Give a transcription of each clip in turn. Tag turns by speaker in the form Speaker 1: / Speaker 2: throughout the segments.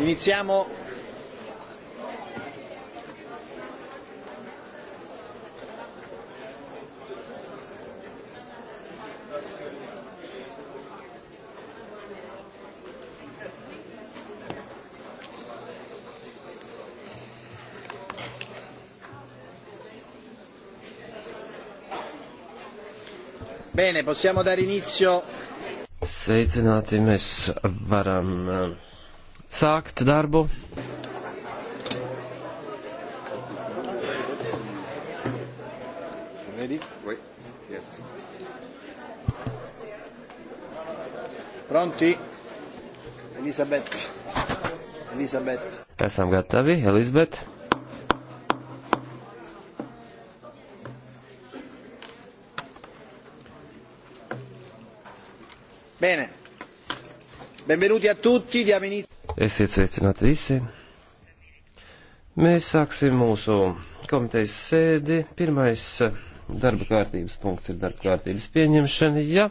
Speaker 1: Iniziamo. Bene, possiamo dare inizio.
Speaker 2: Sveicināti, mēs varam eh, sākt darbu.
Speaker 1: Pronti, Elizabete. Elizabete.
Speaker 2: Esam gatavi, Elizabete.
Speaker 1: Bene. Benvenuti a tutti, diamo inizio.
Speaker 2: Esiet sveicināti visi. Mēs sāksim mūsu komitejas sēdi. Pirmais darba kārtības punkts ir darba kārtības pieņemšana. Ja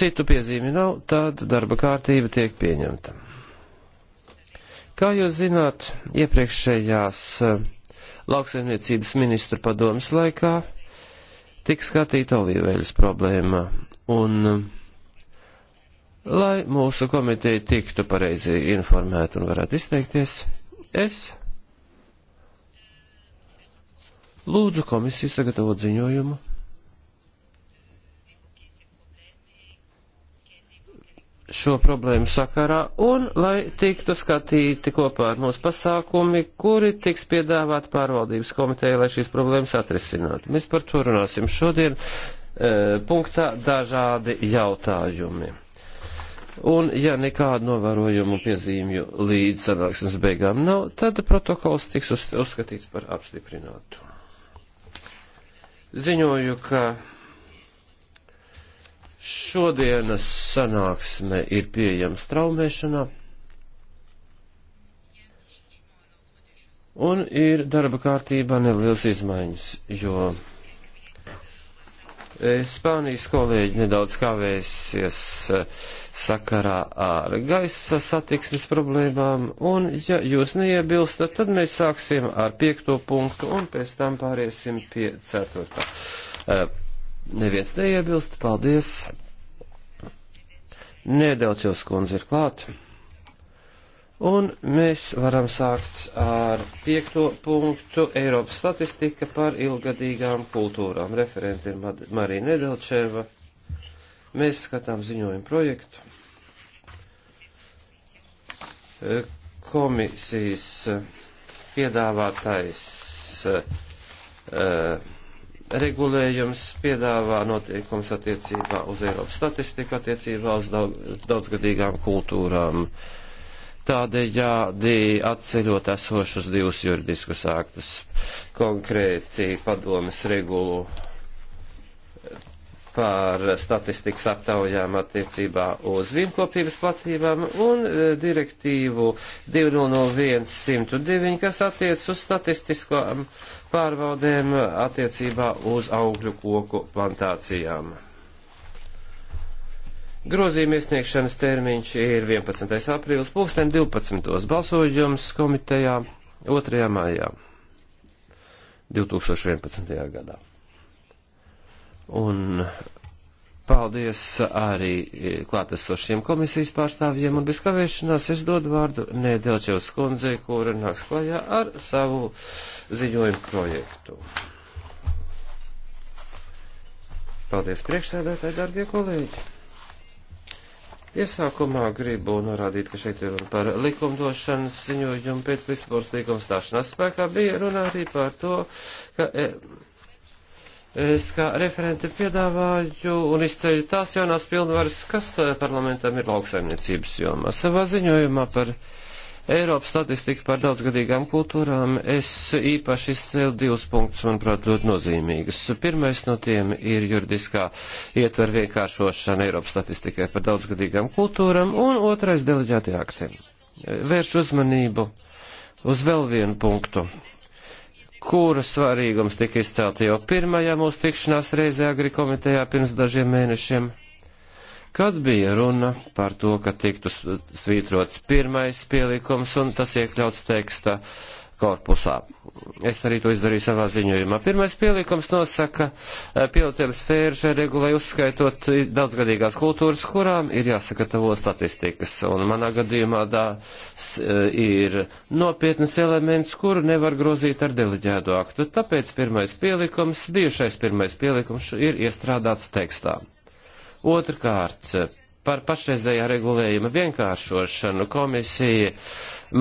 Speaker 2: citu piezīmi nav, tad darba kārtība tiek pieņemta. Kā jūs zināt, iepriekšējās eh, lauksaimniecības ministru padomas laikā tika skatīta olīveļas problēma. Un eh, lai mūsu komiteja tiktu pareizi informēta un varētu izteikties, es lūdzu komisiju sagatavot ziņojumu. šo problēmu sakarā un lai tiktu skatīti kopā ar mūsu pasākumi, kuri tiks piedāvāti pārvaldības komiteja, lai šīs problēmas atrisinātu. Mēs par to runāsim šodien e, punktā dažādi jautājumi. Un, ja nekādu novērojumu piezīmju līdz sanāksmes beigām nav, tad protokols tiks uz, uzskatīts par apstiprinātu. Ziņoju, ka šodienas sanāksme ir pieejama straumēšanā un ir darba kārtībā nelielas izmaiņas, jo Spānijas kolēģi nedaudz kavēsies eh, sakarā ar gaisa satiksmes problēmām, un, ja jūs neiebilstat, tad mēs sāksim ar piekto punktu, un pēc tam pāriesim pie ceturtā. Eh, neviens neiebilst, paldies. Nedaudz jau skundze ir klāta. Un mēs varam sākt ar piekto punktu Eiropas statistika par ilgadīgām kultūrām. Referenti ir Marija Nedelčeva. Mēs skatām ziņojumu projektu. Eh, komisijas piedāvātais eh, regulējums piedāvā noteikums attiecībā uz Eiropas statistiku, attiecībā uz daudzgadīgām kultūrām. Uh, tādējādi atceļot esošus divus juridiskus aktus, konkrēti padomas regulu par statistikas aptaujām attiecībā uz vienkopības platībām un e, direktīvu 200109, kas attiec uz statistisko pārbaudēm attiecībā uz augļu koku plantācijām. Grozījuma iesniegšanas termiņš ir 11. aprīlis, pulksten 12. balsojums komitejā 2. maijā 2011. gadā. Un paldies arī eh, klātesošiem komisijas pārstāvjiem un bez kavēšanās es dodu vārdu Nēdelčevs kundzei, kura nāks klajā ar savu ziņojumu projektu. Paldies priekšsēdētāji, darbie kolēģi! Iesākumā gribu norādīt, ka šeit ir runa par likumdošanas ziņojumu pēc Lisabonas līguma stāšanās spēkā. Bija runa arī par to, ka e, es kā referente piedāvāju un izceļu tās jaunās pilnvaras, kas e, parlamentam ir lauksaimniecības jomā. Savā ziņojumā par. Uh, Eiropas statistika par daudzgadīgām kultūrām, es īpaši izcēlu divus punktus, manuprāt, ļoti nozīmīgus. Pirmais no tiem ir juridiskā ietver vienkāršošana Eiropas statistikai par daudzgadīgām kultūram, un otrais deleģēti akti. Vērš uzmanību uz vēl vienu punktu kuras svarīgums tika izcelta jau pirmajā mūsu tikšanās reizē Agri komitejā pirms dažiem mēnešiem kad bija runa par to, ka tiktu svītrots pirmais pielikums un tas iekļauts teksta korpusā. Es arī to izdarīju savā ziņojumā. Pirmais pielikums nosaka eh, pilotiem sfēržē regulai uzskaitot daudzgadīgās kultūras, kurām ir jāsagatavo statistikas. Un manā gadījumā tās eh, ir nopietnas elements, kuru nevar grozīt ar deliģēto aktu. Tāpēc pirmais pielikums, bijušais pirmais pielikums ir iestrādāts tekstā. Otrkārt, par pašreizējā regulējuma vienkāršošanu komisija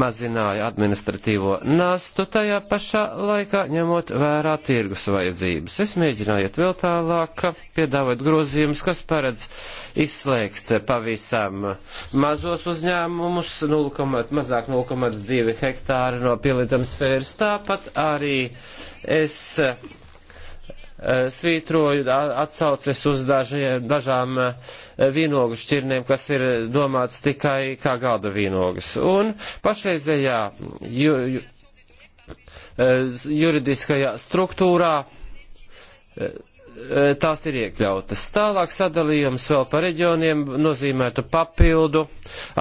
Speaker 2: mazināja administratīvo nastu tajā pašā laikā, ņemot vērā tirgus vajadzības. Es mēģināju iet vēl tālāk, piedāvāt grozījumus, kas paredz izslēgt pavisam mazos uzņēmumus, 0, mazāk 0,2 hektāri no pielietam sfēras. Tāpat arī es Eh, svītroju atsauces uz dažiem, dažām eh, vīnogu šķirnēm, kas ir domāts tikai kā galda vīnogas. Un pašreizējā ju, ju, eh, juridiskajā struktūrā Eh, tās ir iekļautas. Tālāk sadalījums vēl par reģioniem nozīmētu papildu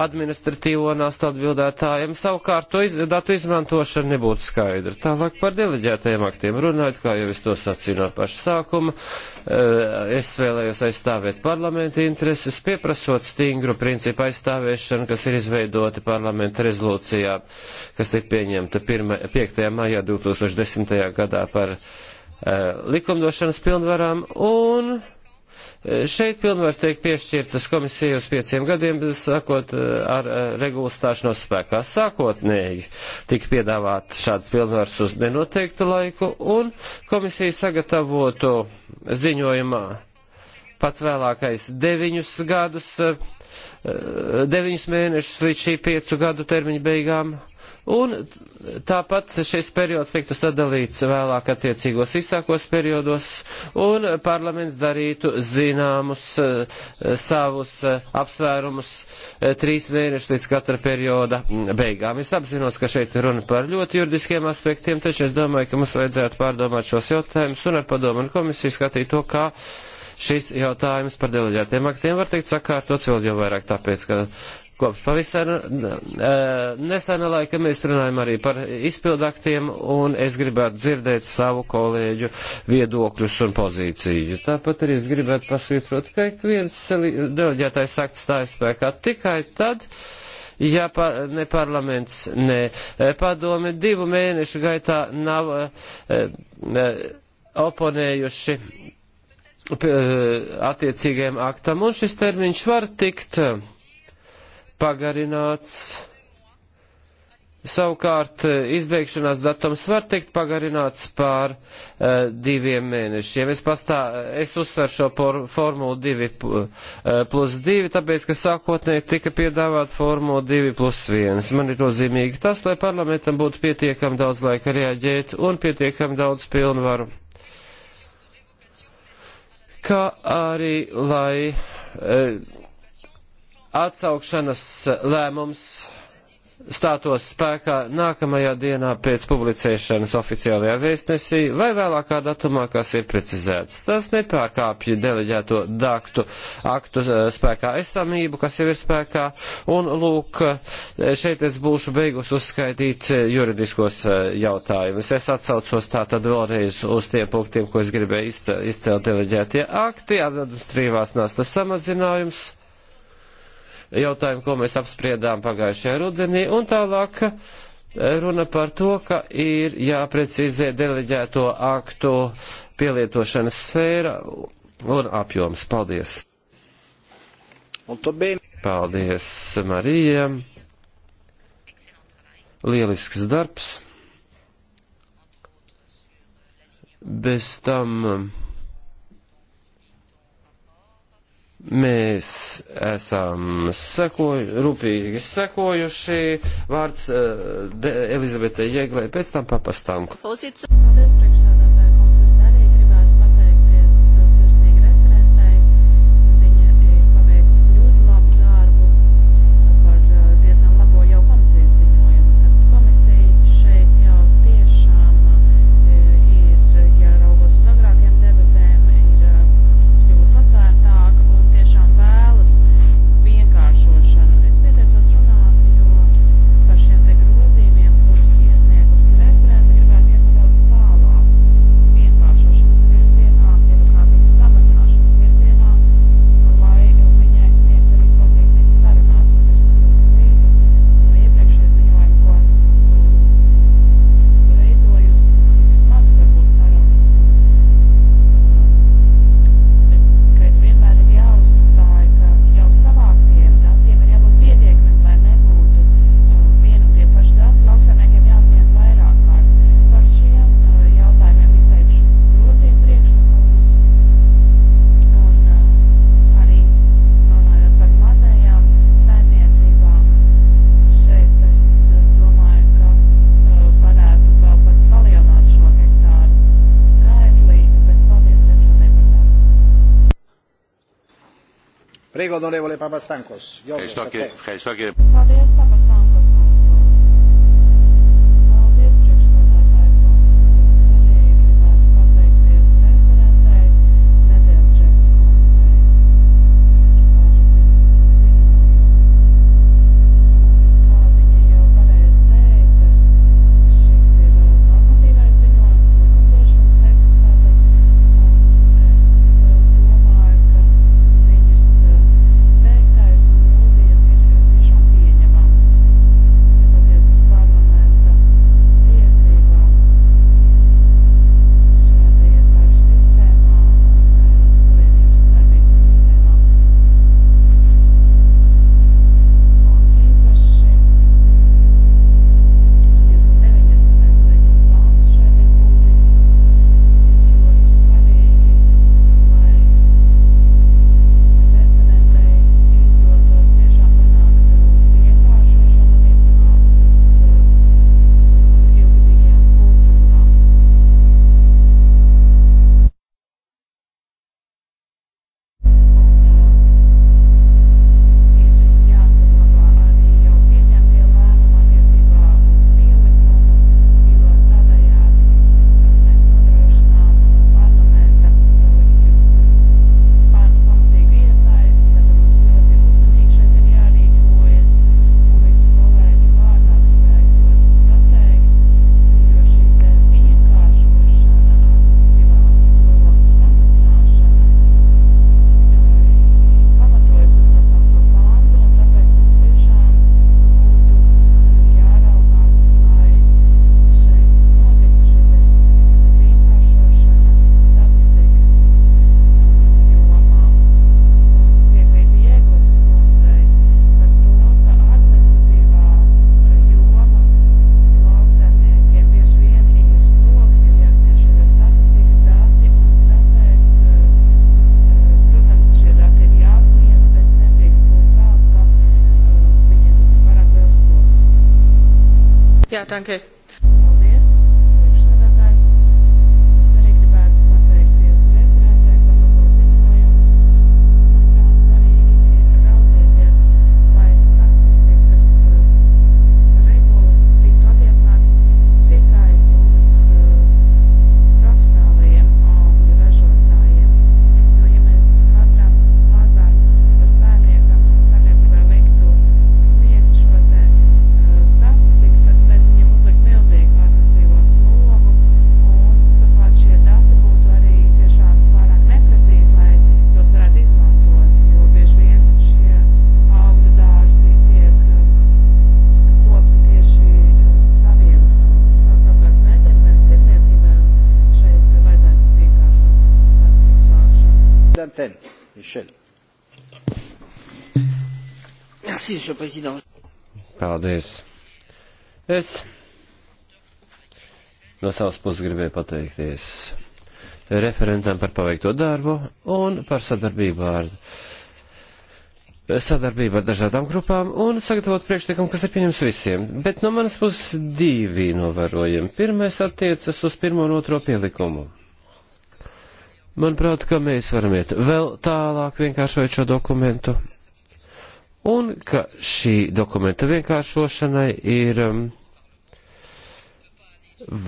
Speaker 2: administratīvo nastu atbildētājiem. Savukārt to iz, datu izmantošana nebūtu skaidra. Tālāk par deleģētajiem aktiem runājot, kā jau es to sacīju no paša sākuma. Eh, es vēlējos aizstāvēt parlamenta intereses, pieprasot stingru principu aizstāvēšanu, kas ir izveidoti parlamenta rezolūcijā, kas ir pieņemta 1. 5. maijā 2010. gadā par Eh, likumdošanas pilnvarām un eh, Šeit pilnvars tiek piešķirtas komisija uz pieciem gadiem, sākot eh, ar regulas stāšanos spēkā. Sākotnēji tika piedāvāt šāds pilnvars uz nenoteiktu laiku, un komisija sagatavotu ziņojumā pats vēlākais deviņus gadus Eh, deviņus mēnešus līdz šī piecu gadu termiņa beigām. Un tāpat šis periods tiktu sadalīts vēlāk attiecīgos izsākos periodos, un parlaments darītu zināmus eh, savus eh, apsvērumus trīs mēnešus līdz katra perioda beigām. Es apzinos, ka šeit runa par ļoti juridiskiem aspektiem, taču es domāju, ka mums vajadzētu pārdomāt šos jautājumus un ar padomu un komisiju skatīt to, kā. Ka šis jautājums par deleģētiem aktiem var teikt sakārtots vēl jau vairāk, tāpēc, ka kopš pavisam e, nesena laika mēs runājam arī par izpildaktiem, un es gribētu dzirdēt savu kolēģu viedokļus un pozīciju. Tāpat arī es gribētu pasvītrot, ka ik viens deleģētais akts stājas spēkā tikai tad, ja par, ne parlaments, ne e, padome divu mēnešu gaitā nav eh, eh, oponējuši attiecīgajam aktam, un šis termiņš var tikt eh, pagarināts. Savukārt eh, izbeigšanās datums var tikt pagarināts pār uh, eh, diviem mēnešiem. Es, pastā, es uzsveru šo por, formulu 2 plus 2, tāpēc, ka sākotnēji tika piedāvāt formulu 2 plus 1. Man ir nozīmīgi tas, lai parlamentam būtu pietiekami daudz laika reaģēt un pietiekami daudz pilnvaru kā arī lai eh, atsaukšanas lēmums stātos spēkā nākamajā dienā pēc publicēšanas oficiālajā vēstnesī vai vēlākā datumā, kas ir precizēts. Tas nepārkāpja deleģēto daktu aktu eh, spēkā esamību, kas jau ir spēkā, un lūk, eh, šeit es būšu beigus uzskaitīt eh, juridiskos jautājumus. Es atsaucos tā tad vēlreiz uz tiem punktiem, ko es gribēju izcelt deleģētie akti, administrīvās nastas samazinājums jautājumu, ko mēs apspriedām pagājušajā rudenī, un tālāk eh, runa par to, ka ir jāprecizē deleģēto aktu pielietošanas sfēra un apjoms. Paldies! Paldies, Marija! Lielisks darbs! Bez tam. Um, Mēs esam sekoju, rūpīgi sekojuši vārds uh, eh, Elizabetei Jēglei, pēc tam papastām.
Speaker 1: Fosits. Paldies,
Speaker 3: Jā, danke.
Speaker 2: Monsieur le Président. Paldies. Es no savas puses gribēju pateikties referentam par paveikto darbu un par sadarbību ar sadarbību ar dažādām grupām un sagatavot priekšlikumu, kas ir pieņems visiem. Bet no manas puses divi novērojumi. Pirmais attiecas uz pirmo un otro pielikumu. Manuprāt, ka mēs varam iet vēl tālāk vienkāršojot šo dokumentu un ka šī dokumenta vienkāršošanai ir um,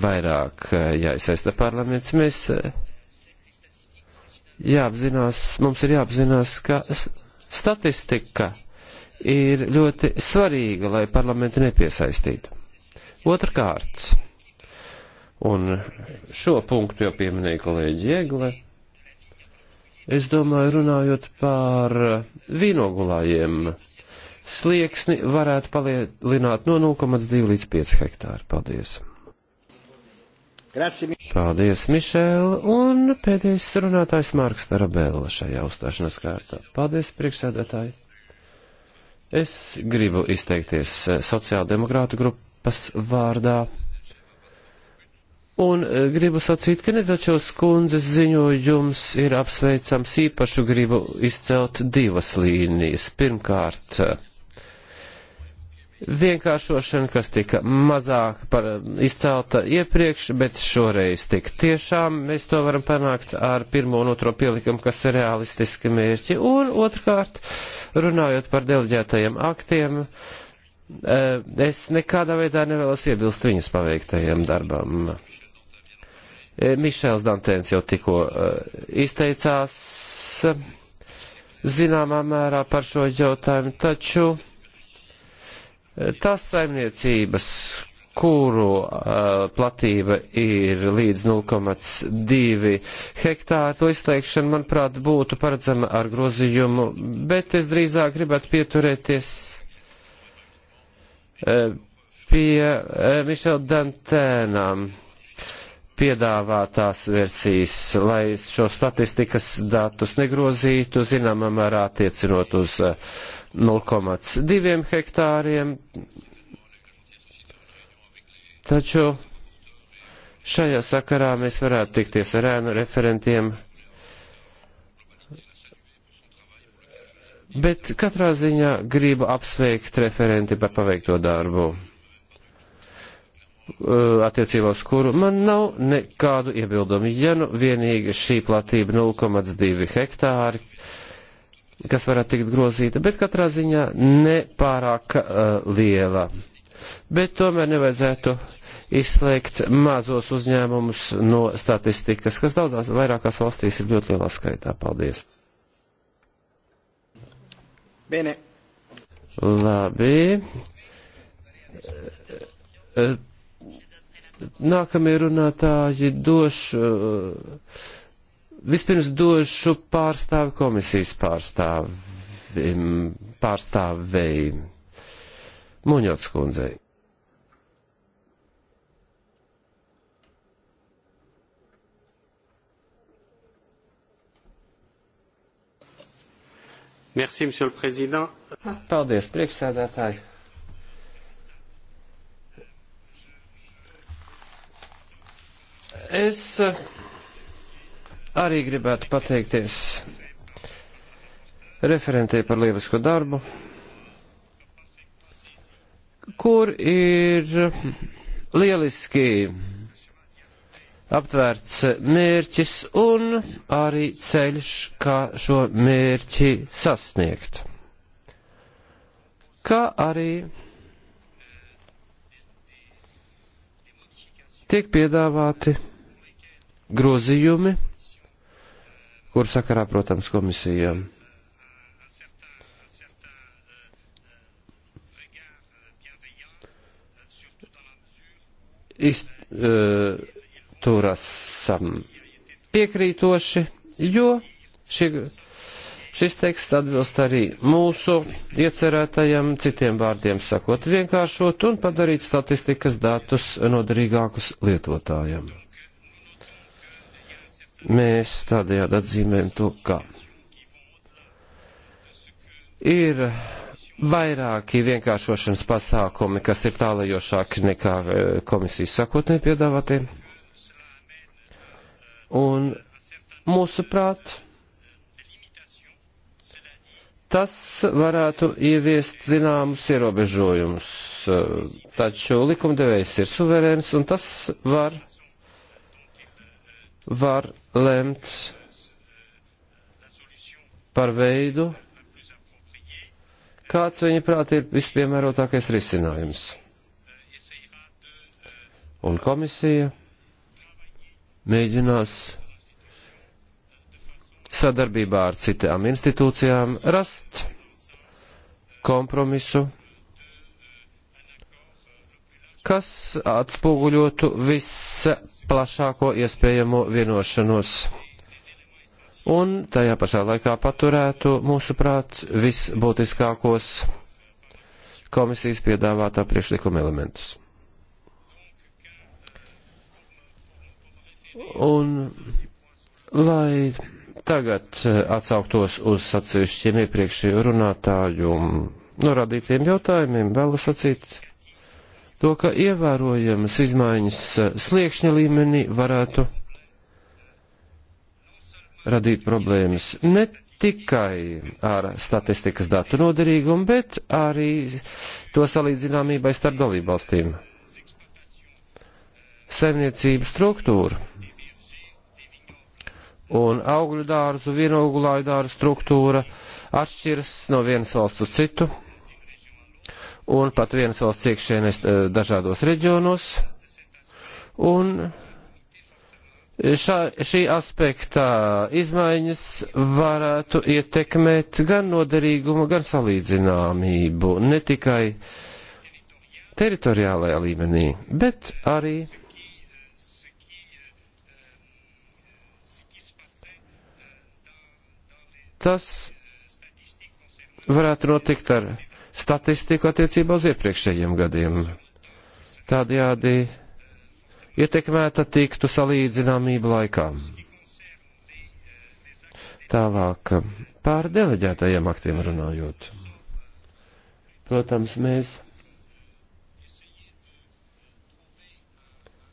Speaker 2: vairāk uh, jāiesaista parlaments. Mēs uh, jāapzinās, mums ir jāapzinās, ka statistika ir ļoti svarīga, lai parlamentu nepiesaistītu. Otrkārt, un šo punktu jau pieminēja kolēģi Jēgle Es domāju, runājot par vīnogulājiem, slieksni varētu palielināt no 0,2 līdz 5 hektāri. Paldies! Grazie. Paldies, Mišēl, un pēdējais runātājs Marks Tarabēla šajā uzstāšanās kārtā. Paldies, priekšsēdētāji! Es gribu izteikties sociāldemokrātu grupas vārdā Un e, gribu sacīt, ka nedačos kundzes ziņojums ir apsveicams īpašu gribu izcelt divas līnijas. Pirmkārt, e, vienkāršošana, kas tika mazāk par, e, izcelta iepriekš, bet šoreiz tik tiešām mēs to varam panākt ar pirmo un otro pielikumu, kas ir realistiski mērķi. Un otrkārt, runājot par deleģētajiem aktiem, es nekādā veidā nevēlos iebilst viņas paveiktajiem darbam. E, Mišēls Dantēns jau tikko e, izteicās zināmā mērā par šo jautājumu, taču e, tās saimniecības, kuru uh, platība ir līdz 0,2 hektāru. To izteikšana, manuprāt, būtu paredzama ar grozījumu, bet es drīzāk gribētu pieturēties uh, pie uh, Mišela Dantēnām piedāvātās versijas, lai šo statistikas datus negrozītu, zināmā mērā attiecinot uz 0,2 eh, hektāriem. Taču šajā sakarā mēs varētu tikties ar ēnu referentiem. Bet katrā ziņā gribu apsveikt referenti par paveikto darbu. Uh, attiecībā uz kuru man nav nekādu iebildumu. Ja nu vienīgi šī platība 0,2 hektāri, kas varētu tikt grozīta, bet katrā ziņā nepārāk uh, liela. Bet tomēr nevajadzētu izslēgt mazos uzņēmumus no statistikas, kas daudzās vairākās valstīs ir ļoti lielā skaitā. Paldies! Bene. Labi. Uh, uh, Nākamie runātāji došu, eh, vispirms došu pārstāvi komisijas pārstāvim, pārstāvei Muņots kundzei. Merci, Paldies, priekšsēdētāji! Es eh, arī gribētu pateikties referentē par lielisko darbu, kur ir lieliski aptvērts mērķis un arī ceļš, kā šo mērķi sasniegt. Kā arī tiek piedāvāti grozījumi, kur sakarā, protams, komisija izturas e, uh, piekrītoši, jo šie, šis teksts atbilst arī mūsu iecerētajam, citiem vārdiem sakot, vienkāršot un padarīt statistikas datus noderīgākus lietotājiem. Mēs tādējādi atzīmējam to, ka ir vairāki vienkāršošanas pasākumi, kas ir tālajošāki nekā eh, komisijas sakotnē piedāvātie. Un mūsuprāt, tas varētu ieviest zināmus ierobežojumus, taču likumdevējs ir suverēns un tas var var lemt par veidu, kāds viņa prāt ir vispiemērotākais risinājums. Un komisija mēģinās sadarbībā ar citām institūcijām rast kompromisu, kas atspoguļotu visa plašāko iespējamo vienošanos. Un tajā pašā laikā paturētu, mūsuprāt, visbūtiskākos komisijas piedāvātā priekšlikuma elementus. Un, lai tagad atsauktos uz atsevišķiem iepriekšējo runātāju norādītiem jautājumiem, vēlas sacīt to, ka ievērojamas izmaiņas eh, sliekšņa līmenī varētu radīt problēmas ne tikai ar statistikas datu noderīgumu, bet arī to salīdzināmībai starp dalībvalstīm. Saimniecību struktūra un augļu dārzu, vienaugulāju dārzu struktūra atšķiras no vienas valsts uz citu un pat vienas valsts iekšēnēs eh, dažādos reģionos. Un šā, šī aspektā izmaiņas varētu ietekmēt gan noderīgumu, gan salīdzināmību, ne tikai teritoriālajā līmenī, bet arī tas varētu notikt ar statistiku attiecībā uz iepriekšējiem gadiem. Tādējādi ietekmēta tiktu salīdzināmība laikā. Tālāk par deleģētajiem aktiem runājot. Protams, mēs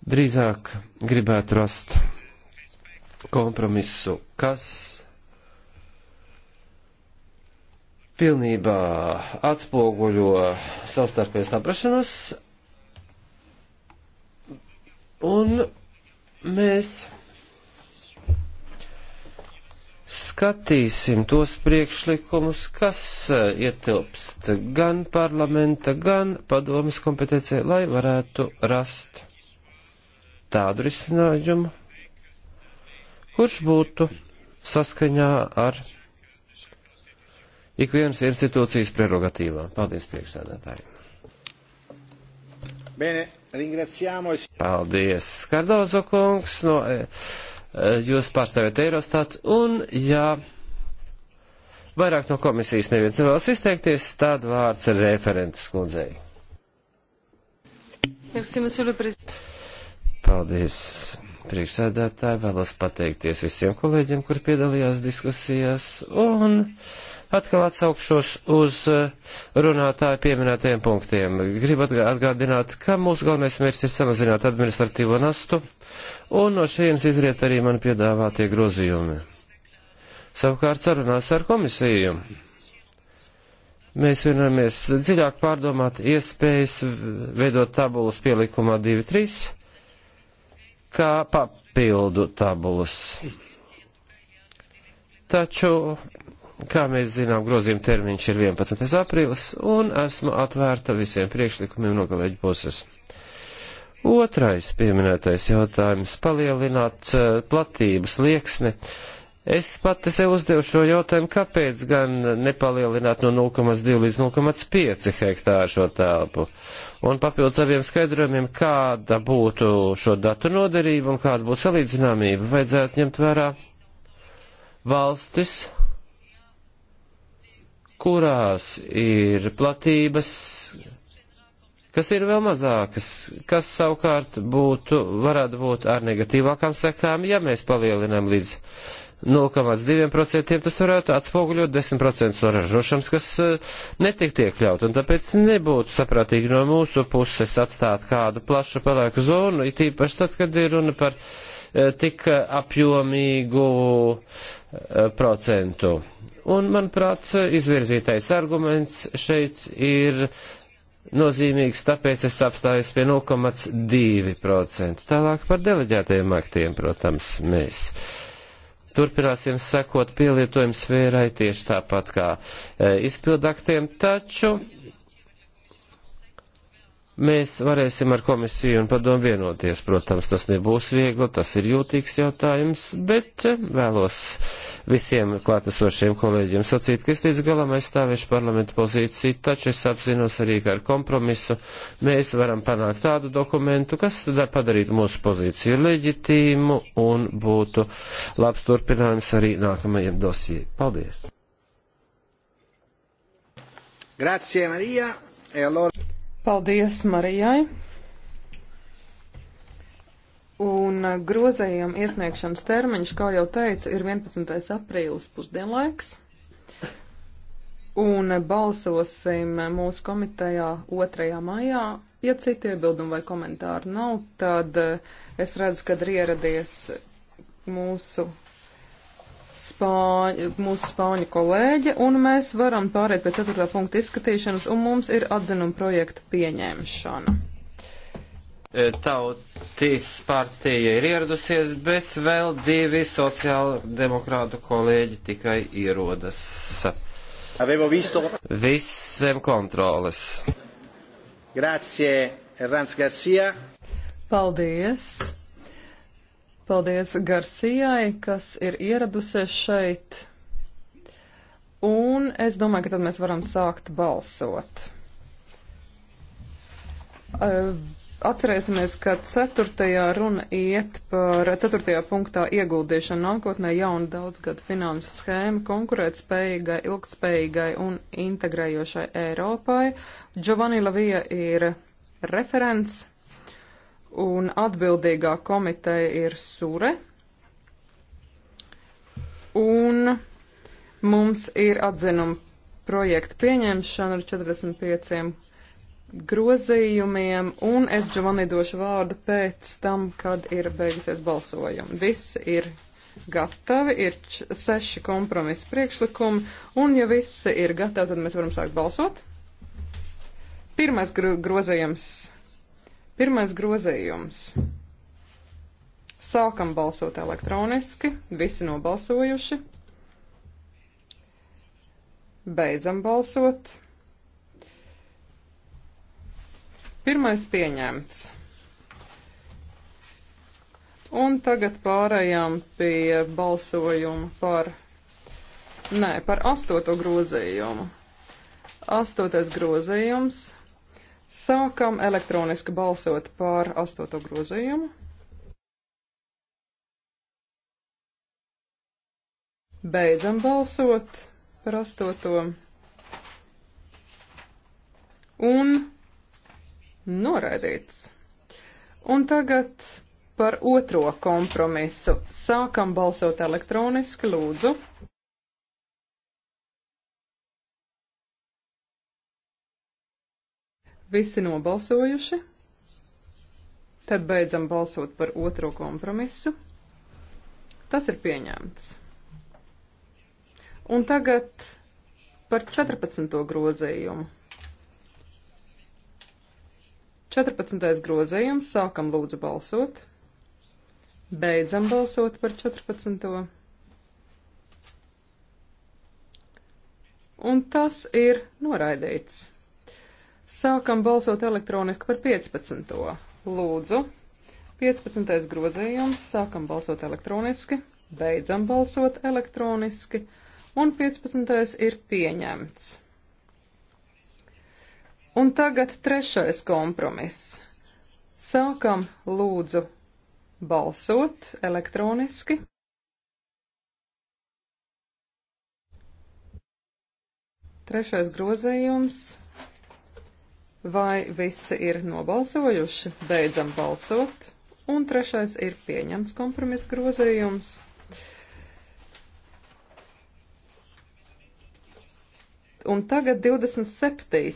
Speaker 2: drīzāk gribētu rast kompromisu, kas pilnībā atspoguļo savstarpēju saprašanos, un mēs skatīsim tos priekšlikumus, kas ietilpst gan parlamenta, gan padomas kompetencijai, lai varētu rast tādu risinājumu, kurš būtu saskaņā ar ik vienas institūcijas prerogatīvā. Paldies, priekšsēdētāji!
Speaker 1: Bene, ringraziamo.
Speaker 2: Paldies, Skardozo kungs, no, e, e, jūs pārstāvjat Eirostat, un, jā, vairāk no komisijas neviens nevēlas izteikties, tad vārds ir referentes kundzei. Paldies, priekšsēdētāji, vēlos pateikties visiem kolēģiem, kur piedalījās diskusijās, un. Atkal atsaukšos uz eh, runātāju pieminētajiem punktiem. Gribu atgādināt, ka mūsu galvenais mērķis ir samazināt administratīvo nastu, un no šienes izriet arī man piedāvātie grozījumi. Savukārt sarunās ar komisiju. Mēs vienojamies dziļāk pārdomāt iespējas veidot tabulas pielikumā 2.3 kā papildu tabulas. Taču Kā mēs zinām, grozījuma termiņš ir 11. aprīlis, un esmu atvērta visiem priekšlikumiem no kolēģa puses. Otrais pieminētais jautājums - palielināt eh, platības lieksni. Es pati sev uzdevu šo jautājumu, kāpēc gan nepalielināt no 0,2 līdz 0,5 hektāru šo telpu. Un papildus abiem skaidrojumiem, kāda būtu šo datu noderība un kāda būtu salīdzināmība, vajadzētu ņemt vērā valstis, kurās ir platības, kas ir vēl mazākas, kas savukārt būtu, varētu būt ar negatīvākām sekām, ja mēs palielinām līdz 0,2%, tas varētu atspoguļot 10% no ražošanas, kas eh, netikt iekļaut, un tāpēc nebūtu saprātīgi no mūsu puses atstāt kādu plašu pelēku zonu, it īpaši tad, kad ir runa par eh, tik apjomīgu eh, procentu Un, manuprāt, izvirzītais arguments šeit ir nozīmīgs, tāpēc es apstājos pie 0,2%. Tālāk par deleģētajiem aktiem, protams, mēs turpināsim sekot pielietojums sfērai tieši tāpat kā e, izpildaktiem, taču Mēs varēsim ar komisiju un padomu vienoties. Protams, tas nebūs viegli, tas ir jūtīgs jautājums, bet eh, vēlos visiem klātesošiem kolēģiem sacīt, ka es līdz galam aizstāvēšu parlamentu pozīciju, taču es apzinos arī, ka ar kompromisu mēs varam panākt tādu dokumentu, kas padarītu mūsu pozīciju leģitīmu un būtu labs turpinājums arī nākamajiem dosijiem. Paldies!
Speaker 3: Grazie, Marija! E allora... Paldies Marijai! Un eh, grozējuma iesniegšanas termiņš, kā jau teicu, ir 11. aprīlis pusdienlaiks. Un eh, balsosim eh, mūsu komitejā 2. maijā. Ja citi iebildumi vai komentāri nav, tad es redzu, kad ir ieradies mūsu spāņu, mūsu spāņu kolēģe, un mēs varam pāriet pie ceturtā punkta izskatīšanas, un mums ir atzinuma projekta pieņemšana.
Speaker 2: E, Tautīs partija ir ieradusies, bet vēl divi sociāldemokrātu kolēģi tikai ierodas. Visiem kontroles. Grazie, Errants Garcia.
Speaker 3: Paldies. Paldies Garcijai, kas ir ieradusies šeit. Un es domāju, ka tad mēs varam sākt balsot. Eh, atcerēsimies, ka ceturtajā runa iet par ceturtajā punktā ieguldīšanu nākotnē jaunu daudzgadu finanšu schēmu konkurētspējīgai, ilgtspējīgai un integrējošai Eiropai. Giovanni Lavija ir referents un atbildīgā komiteja ir Sure. Un mums ir atzinuma projekta pieņemšana ar 45 grozījumiem, un es Giovanni došu vārdu pēc tam, kad ir beigusies balsojumi. Viss ir gatavi, ir seši kompromisa priekšlikumi, un ja visi ir gatavi, tad mēs varam sākt balsot. Pirmais gro grozījums Pirmais grozījums. Sākam balsot elektroniski, visi nobalsojuši. Beidzam balsot. Pirmais pieņemts. Un tagad pārējām pie balsojuma par, nē, par astoto grozījumu. Astotais grozījums Sākam elektroniski balsot par astoto grozījumu. Beidzam balsot par astoto. Un noraidīts. Un tagad par otro kompromisu. Sākam balsot elektroniski, lūdzu. Visi nobalsojuši. Tad beidzam balsot par otro kompromisu. Tas ir pieņemts. Un tagad par 14. grozījumu. 14. grozījums sākam lūdzu balsot. Beidzam balsot par 14. Un tas ir noraidīts. Sākam balsot elektroniski par 15. Lūdzu. 15. grozījums. Sākam balsot elektroniski. Beidzam balsot elektroniski. Un 15. ir pieņemts. Un tagad trešais kompromiss. Sākam lūdzu balsot elektroniski. Trešais grozījums Vai visi ir nobalsojuši? Beidzam balsot. Un trešais ir pieņemts kompromis grozījums. Un tagad 27.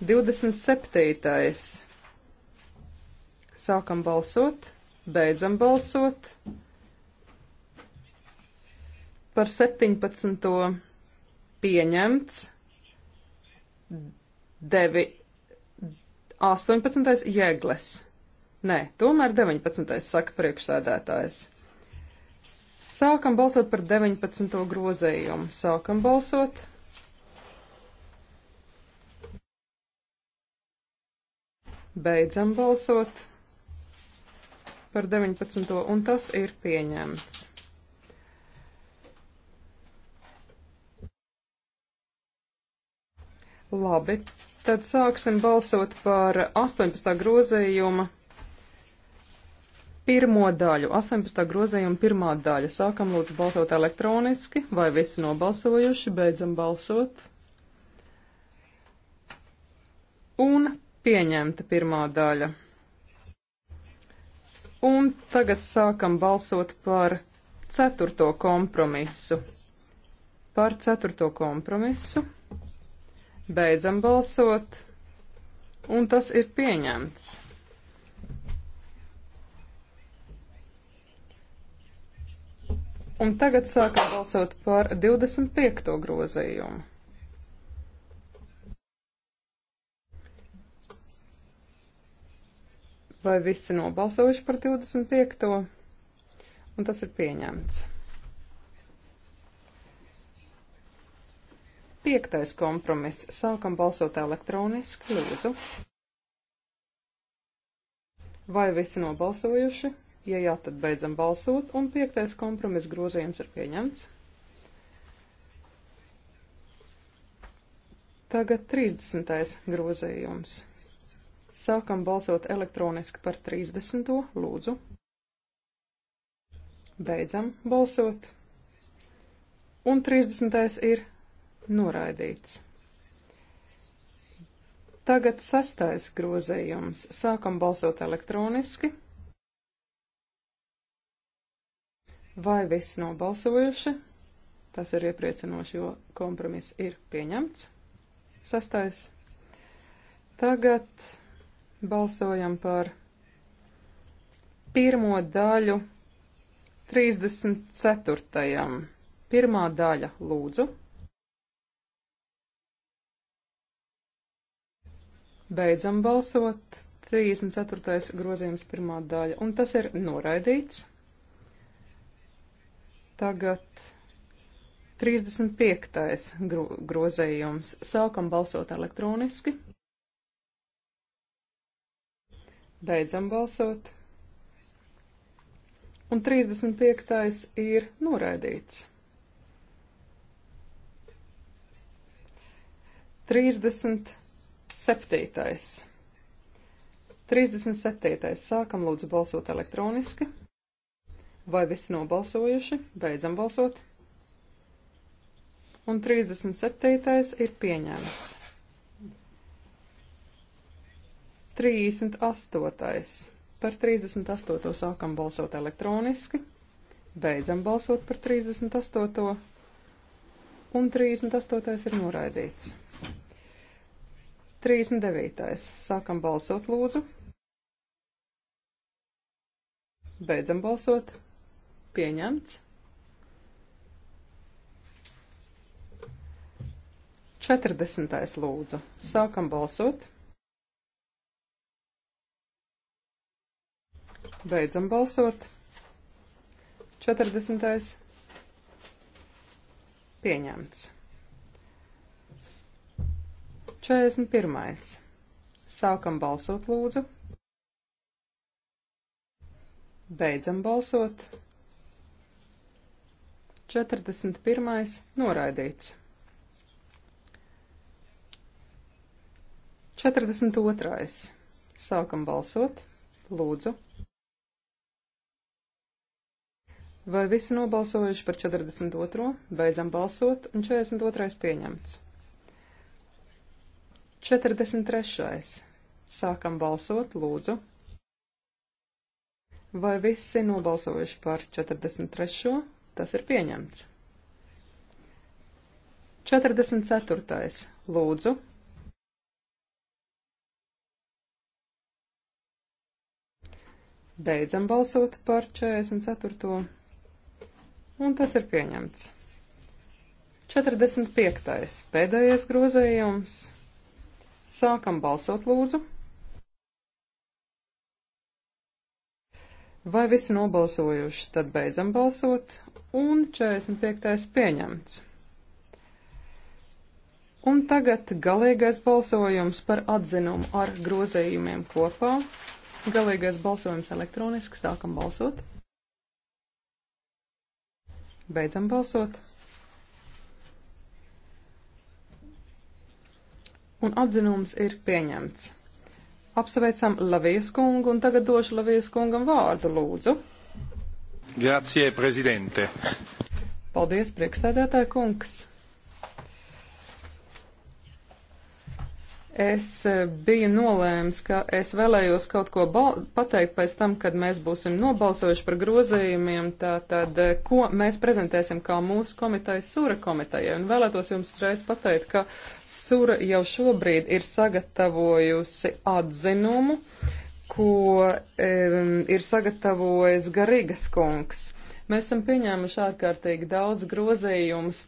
Speaker 3: 27. Sākam balsot, beidzam balsot par 17. pieņemts Devi 18. jēgles. Nē, tomēr 19. saka priekšsēdētājs. Sākam balsot par 19. grozējumu. Sākam balsot. Beidzam balsot par 19. un tas ir pieņemts. Labi, Tad sāksim balsot par 18. grozījuma pirmo daļu. 18. grozījuma pirmā daļa. Sākam lūdzu balsot elektroniski, vai visi nobalsojuši, beidzam balsot. Un pieņemta pirmā daļa. Un tagad sākam balsot par ceturto kompromisu. Par ceturto kompromisu. Beidzam balsot. Un tas ir pieņemts. Un tagad sākam balsot par 25. grozījumu. Vai visi nobalsojuši par 25. un tas ir pieņemts? Piektais kompromiss. Sākam balsot elektroniski, lūdzu. Vai visi nobalsojuši? Ja jā, tad beidzam balsot, un piektais kompromiss grozījums ir pieņemts. Tagad 30. grozījums. Sākam balsot elektroniski par 30. lūdzu. Beidzam balsot. Un 30. ir Noraidīts. Tagad sastais grozējums. Sākam balsot elektroniski. Vai visi nobalsojuši? Tas ir iepriecinoši, jo kompromiss ir pieņemts. Sastais. Tagad balsojam par pirmo daļu 34. Pirmā daļa lūdzu. Beidzam balsot. 34. grozījums pirmā daļa. Un tas ir noraidīts. Tagad 35. Gro grozījums. Sākam balsot elektroniski. Beidzam balsot. Un 35. ir noraidīts. 36. Septītais. 37. Sākam lūdzu balsot elektroniski. Vai visi nobalsojuši? Beidzam balsot. Un 37. ir pieņemts. 38. Par 38. sākam balsot elektroniski. Beidzam balsot par 38. Un 38. ir noraidīts. 39. Sākam balsot, lūdzu. Beidzam balsot. Pieņemts. 40. lūdzu. Sākam balsot. Beidzam balsot. 40. Pieņemts. 41. Sākam balsot, lūdzu. Beidzam balsot. 41. Noraidīts. 42. Sākam balsot, lūdzu. Vai visi nobalsojuši par 42. Beidzam balsot un 42. pieņemts. 43. Sākam balsot, lūdzu. Vai visi nobalsojuši par 43. Tas ir pieņemts. 44. Lūdzu. Beidzam balsot par 44. Un tas ir pieņemts. 45. Pēdējais grozējums. Sākam balsot, lūdzu. Vai visi nobalsojuši, tad beidzam balsot, un 45. pieņemts. Un tagad galīgais balsojums par atzinumu ar grozējumiem kopā. Galīgais balsojums elektroniski, sākam balsot. Beidzam balsot. un atzinums ir pieņemts. Apsveicam Lavijas kungu un tagad došu Lavijas kungam vārdu lūdzu.
Speaker 1: Grazie, prezidente.
Speaker 3: Paldies, priekšsēdētāja kungs. es e, biju nolēms, ka es vēlējos kaut ko pateikt pēc tam, kad mēs būsim nobalsojuši par grozījumiem, tātad, e, ko mēs prezentēsim kā mūsu komiteja Sura komitejai. Un vēlētos jums reiz pateikt, ka Sura jau šobrīd ir sagatavojusi atzinumu, ko um, ir sagatavojis Garīgas kungs. Mēs esam pieņēmuši ārkārtīgi daudz grozījumus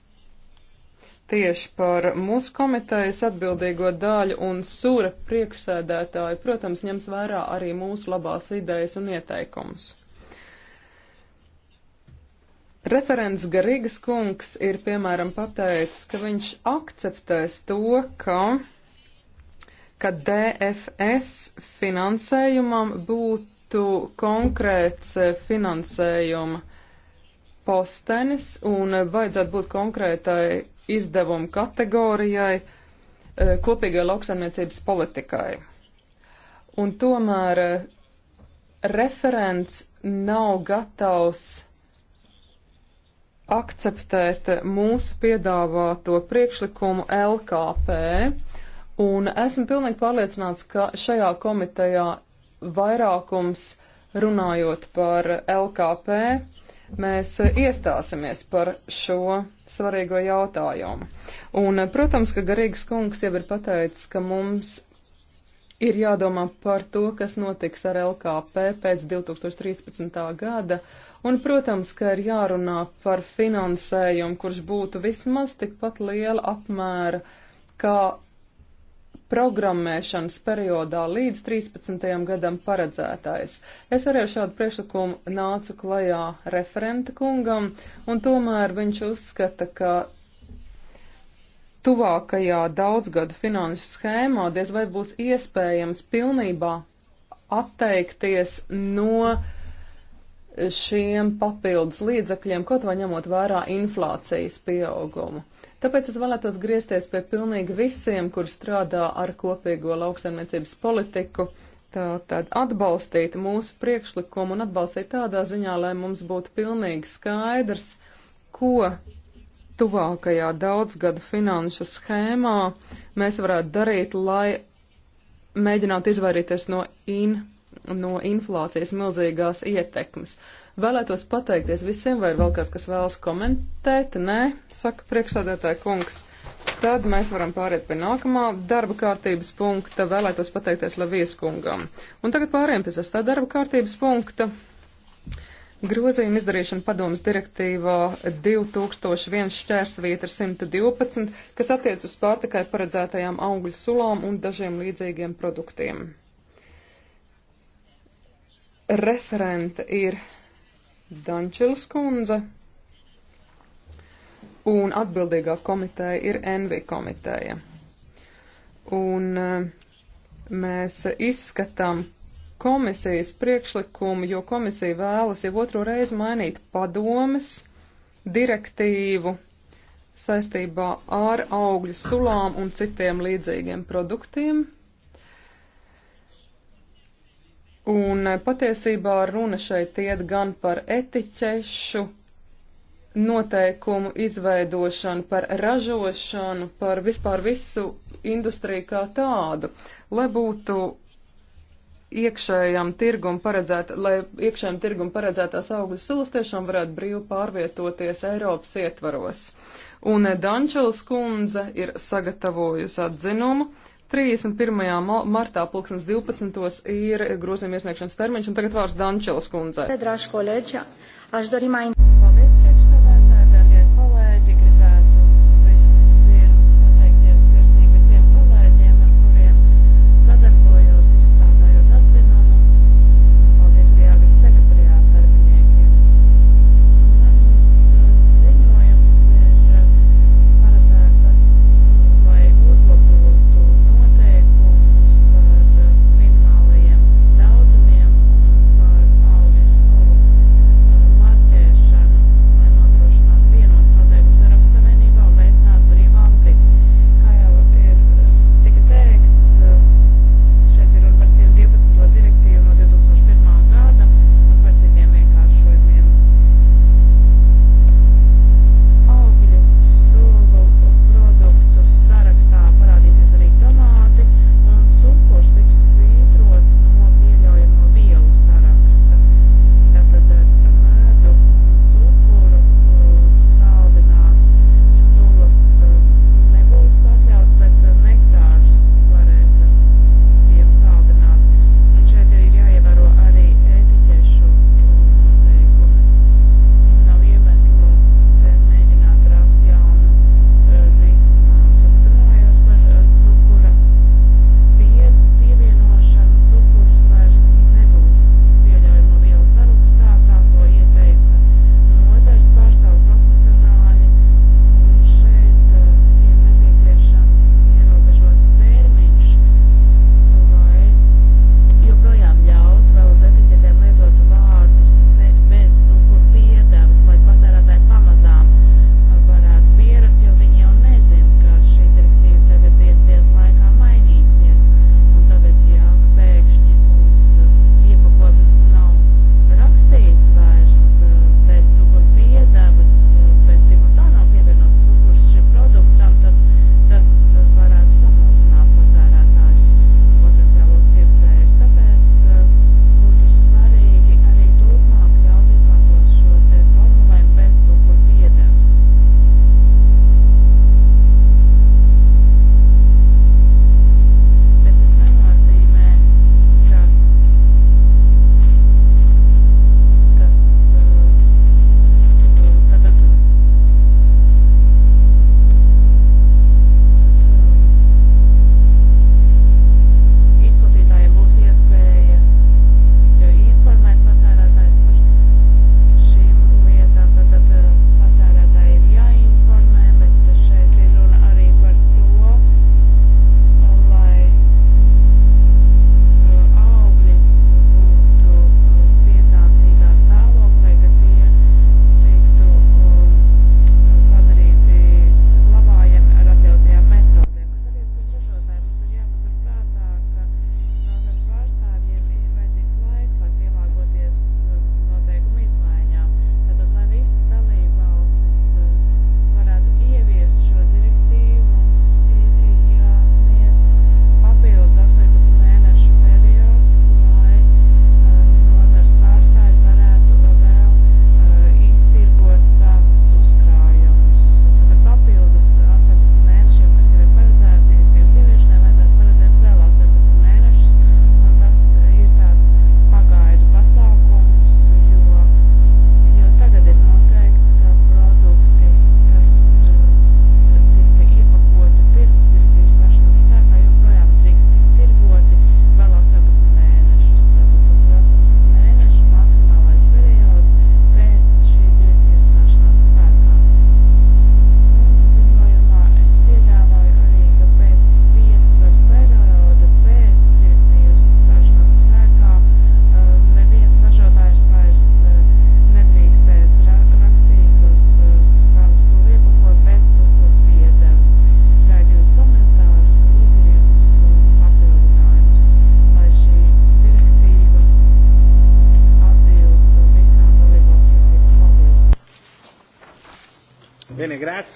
Speaker 3: tieši par mūsu komitejas atbildīgo daļu un sura priekšsēdētāju, protams, ņems vērā arī mūsu labās idejas un ieteikumus. Referents Garīgas kungs ir, piemēram, pateicis, ka viņš akceptēs to, ka, ka DFS finansējumam būtu konkrēts eh, finansējuma postenis un vajadzētu būt konkrētai izdevumu kategorijai eh, kopīgai lauksaimniecības politikai. Un tomēr eh, referents nav gatavs akceptēt mūsu piedāvāto priekšlikumu LKP, un esmu pilnīgi pārliecināts, ka šajā komitejā vairākums runājot par LKP mēs e, iestāsimies par šo svarīgo jautājumu. Un, e, protams, ka Garīgs kungs jau ir pateicis, ka mums ir jādomā par to, kas notiks ar LKP pēc 2013. gada, un, protams, ka ir jārunā par finansējumu, kurš būtu vismaz tikpat liela apmēra kā programmēšanas periodā līdz 13. gadam paredzētais. Es arī ar šādu priekšlikumu nācu klajā referenta kungam, un tomēr viņš uzskata, ka tuvākajā daudzgadu finanšu schēmā diez vai būs iespējams pilnībā atteikties no šiem papildus līdzekļiem, kaut vai ņemot vērā inflācijas pieaugumu. Tāpēc es vēlētos griezties pie pilnīgi visiem, kur strādā ar kopīgo lauksaimniecības politiku, tātad atbalstīt mūsu priekšlikumu un atbalstīt tādā ziņā, lai mums būtu pilnīgi skaidrs, ko tuvākajā daudzgadu finanšu schēmā mēs varētu darīt, lai mēģinātu izvairīties no, in, no inflācijas milzīgās ietekmes. Uh, Vēlētos pateikties visiem, vai ir vēl kāds, kas vēlas komentēt? Nē, saka priekšsādātāja kungs. Tad mēs varam pāriet pie nākamā darba kārtības punkta. Vēlētos pateikties Lavijas kungam. Un tagad pāriem pie sastā darba kārtības punkta. Grozījuma izdarīšana padomas direktīvā 2001 šķērsvieta 112, kas attiec uz pārtikai paredzētajām augļu sulām un dažiem līdzīgiem produktiem. Referente ir Dančils kundze. Un atbildīgā komiteja ir NV komiteja. Un eh, mēs izskatām komisijas priekšlikumu, jo komisija vēlas jau otro reizi mainīt padomes direktīvu saistībā ar augļu sulām un citiem līdzīgiem produktiem. Un eh, patiesībā runa šeit iet gan par etiķešu noteikumu izveidošanu, par ražošanu, par vispār visu industriju kā tādu, lai būtu iekšējām tirgum paredzēta, lai iekšējām tirgum paredzētās augļu sulas tiešām varētu brīvi pārvietoties Eiropas ietvaros. Un eh, Dančels kundze ir sagatavojusi atzinumu 31. martā pulkstens 12. ir grozījuma iesniegšanas termiņš, un tagad vārds Dančelas kundzei.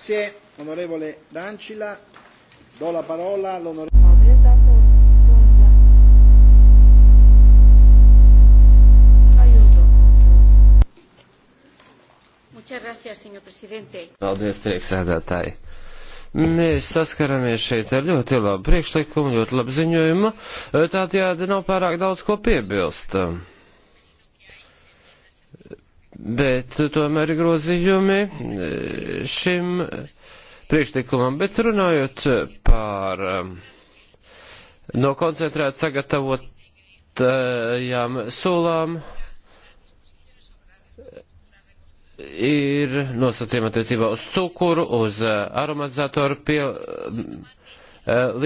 Speaker 1: Grazie, onorevole Dancila. Do la parola all'onorevole.
Speaker 2: Paldies, priekšsēdētāji. Mēs saskaramies šeit ar ļoti labu priekšlikumu, ļoti labu ziņojumu. Tātad nav pārāk daudz ko piebilst bet tomēr ir grozījumi e, šim priekšlikumam. Bet runājot par um, no koncentrēt sagatavotajām sulām, ir nosacījuma attiecībā uz cukuru, uz e, aromatizatoru pie e,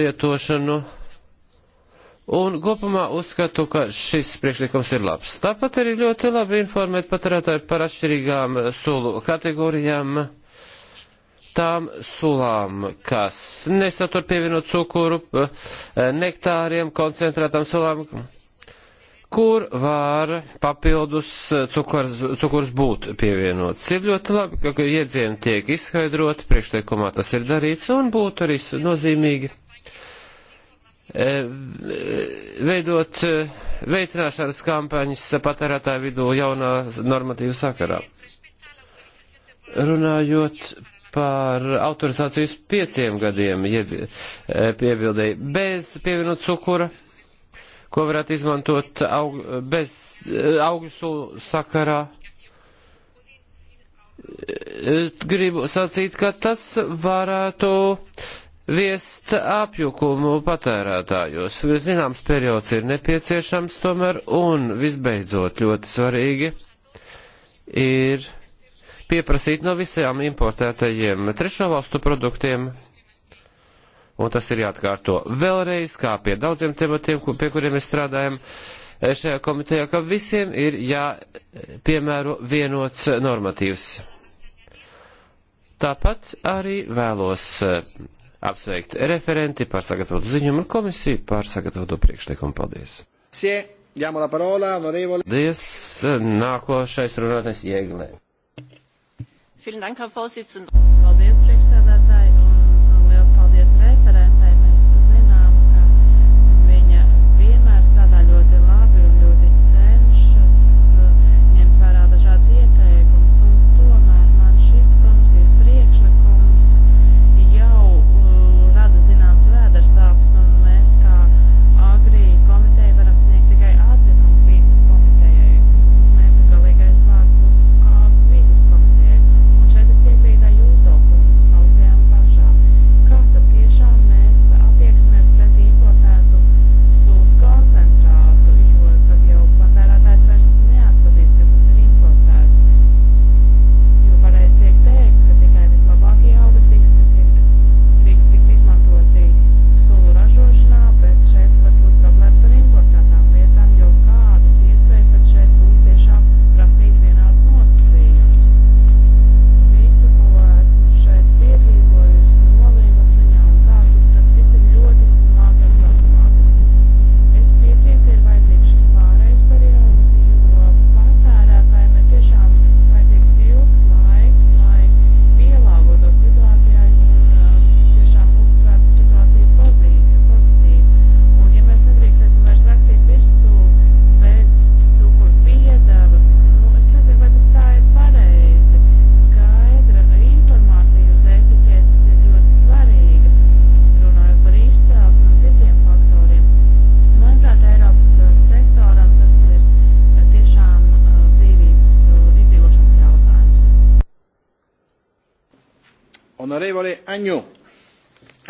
Speaker 2: lietošanu Un kopumā uzskatu, ka šis priekšlikums ir labs. Tāpat arī ļoti labi informēt patērētāju par atšķirīgām sulu kategorijām, tām sulām, kas nesatur pievienot cukuru, eh, nektāriem, koncentrētām sulām, kur var papildus cukurs, cukurs būt pievienots. Ir ļoti labi, ka iedzieni tiek izskaidroti, priekšlikumā tas ir darīts un būtu arī nozīmīgi E, veidot e, veicināšanas kampaņas patērētāju vidū jaunā normatīva sakarā. Runājot par autorizācijas pieciem gadiem e, piebildēji bez pievienot cukura, ko varētu izmantot aug, bez augļu sakarā. Gribu sacīt, ka tas varētu viest apjukumu patērētājos. Zināms, periods ir nepieciešams tomēr, un visbeidzot ļoti svarīgi ir pieprasīt no visām importētajiem trešo valstu produktiem, un tas ir jāatkārto vēlreiz, kā pie daudziem tematiem, pie kuriem mēs strādājam e, šajā komitejā, ka visiem ir jāpiemēro vienots normatīvs. Tāpat arī vēlos e, apsveikt referenti par sagatavotu ziņumu un komisiju par sagatavotu priekšlikumu. Paldies!
Speaker 1: Paldies!
Speaker 2: Nākošais runātais Jēglē.
Speaker 4: Paldies!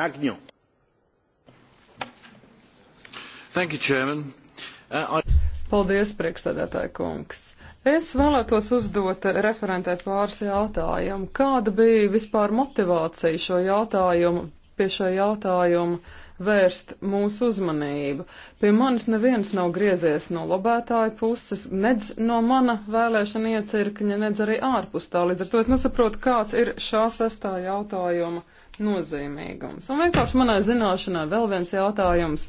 Speaker 1: Agnew. Thank you, Chairman.
Speaker 3: Uh, I... Paldies, priekšsēdētāji kungs. Es vēlētos uzdot referentē pāris jautājumu. Kāda bija vispār motivācija šo jautājumu, pie šā jautājuma? vērst mūsu uzmanību. Pie manis neviens nav griezies no lobētāja puses, nedz no mana vēlēšana iecirkņa, nedz arī ārpus tā. Līdz ar to es nesaprotu, kāds ir šā sestā jautājuma nozīmīgums. Un vienkārši manai zināšanai vēl viens jautājums.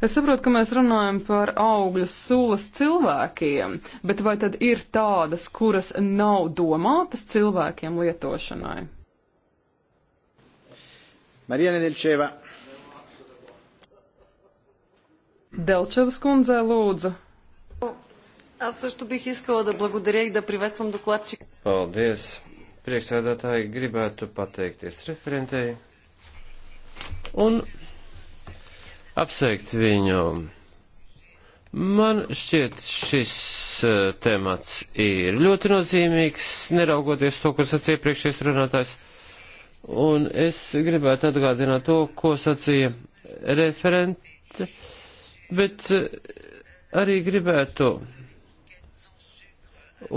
Speaker 3: Es saprotu, ka mēs runājam par augļu sulas cilvēkiem, bet vai tad ir tādas, kuras nav domātas cilvēkiem lietošanai? Marijana Delčeva. Делчевс кундзе лūdzu.
Speaker 2: Аз също бих искала да благодаря и да приветствам докладчик. Paldies. Priekšsēdētāji gribētu pateikties referentei un apsveikt viņu. Man šķiet, šis eh, temats ir ļoti nozīmīgs, neraugoties to, ko sacīja priekšies runātājs. Un es gribētu atgādināt to, ko sacīja referente Bet eh, arī gribētu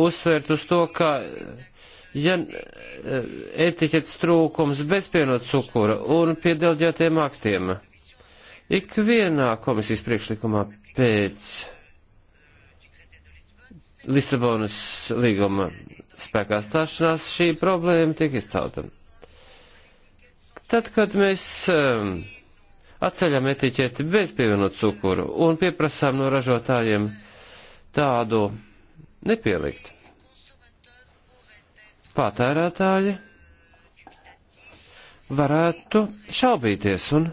Speaker 2: uzsvērt uz to, ka ja eh, etiķets trūkums bezpienot cukura un piedelģētiem aktiem. Ikvienā komisijas priekšlikumā pēc Lisabonas līguma spēkā stāšanās šī problēma tiek izcelta. Tad, kad mēs um, atceļam etiķeti bez pievienot cukuru un pieprasām no ražotājiem tādu nepielikt. Patērētāji varētu šaubīties un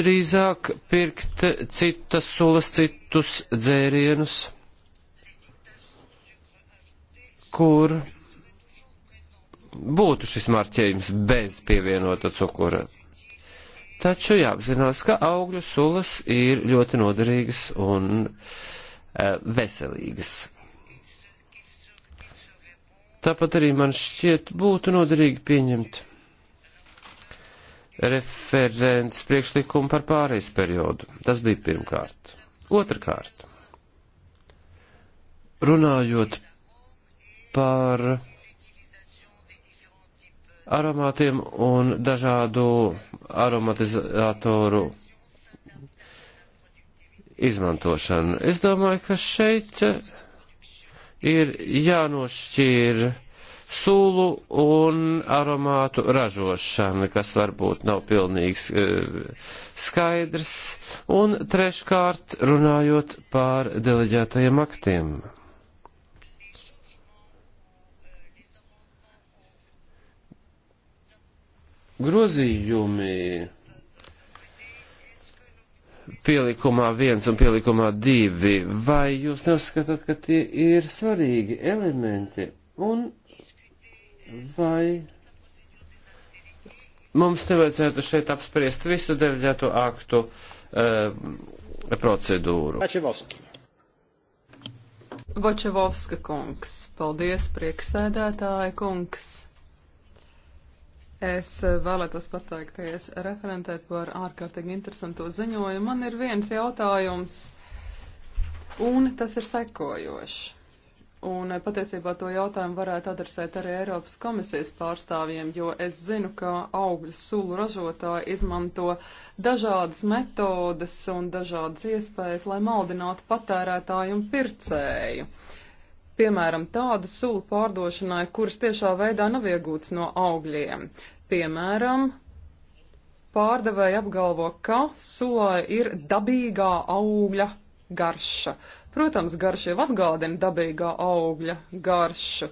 Speaker 2: drīzāk pirkt citas sulas, citus dzērienus, kur būtu šis marķējums bez pievienota cukura. Taču jāapzinās, ka augļu sulas ir ļoti noderīgas un e, veselīgas. Tāpat arī man šķiet būtu noderīgi pieņemt referents priekšlikumu par pārejas periodu. Tas bija pirmkārt. Otrakārt, runājot par aromātiem un dažādu aromatizatoru izmantošanu. Es domāju, ka šeit ir jānošķir sulu un aromātu ražošana, kas varbūt nav pilnīgs e, skaidrs, un treškārt runājot pār deleģētajiem aktiem. Grozījumi pielikumā viens un pielikumā divi, vai jūs neuzskatāt, ka tie ir svarīgi elementi, un vai mums nevajadzētu šeit apspriest visu deviļāto aktu uh, procedūru?
Speaker 3: Ačevovski. Vočevovska kungs, paldies, prieksēdētāja kungs. Es eh, vēlētos pateikties referentē par ārkārtīgi interesanto ziņojumu. Man ir viens jautājums, un tas ir sekojošs. Un eh, patiesībā to jautājumu varētu adresēt arī Eiropas komisijas pārstāvjiem, jo es zinu, ka augļu sulu ražotāji izmanto dažādas metodas un dažādas iespējas, lai maldinātu patērētāju un pircēju. Uh, piemēram, tādu sulu pārdošanai, kuras tiešā veidā nav iegūts no augļiem. Piemēram, pārdevēja apgalvo, ka sulai ir dabīgā augļa garša. Protams, garš jau atgādina dabīgā augļa garšu,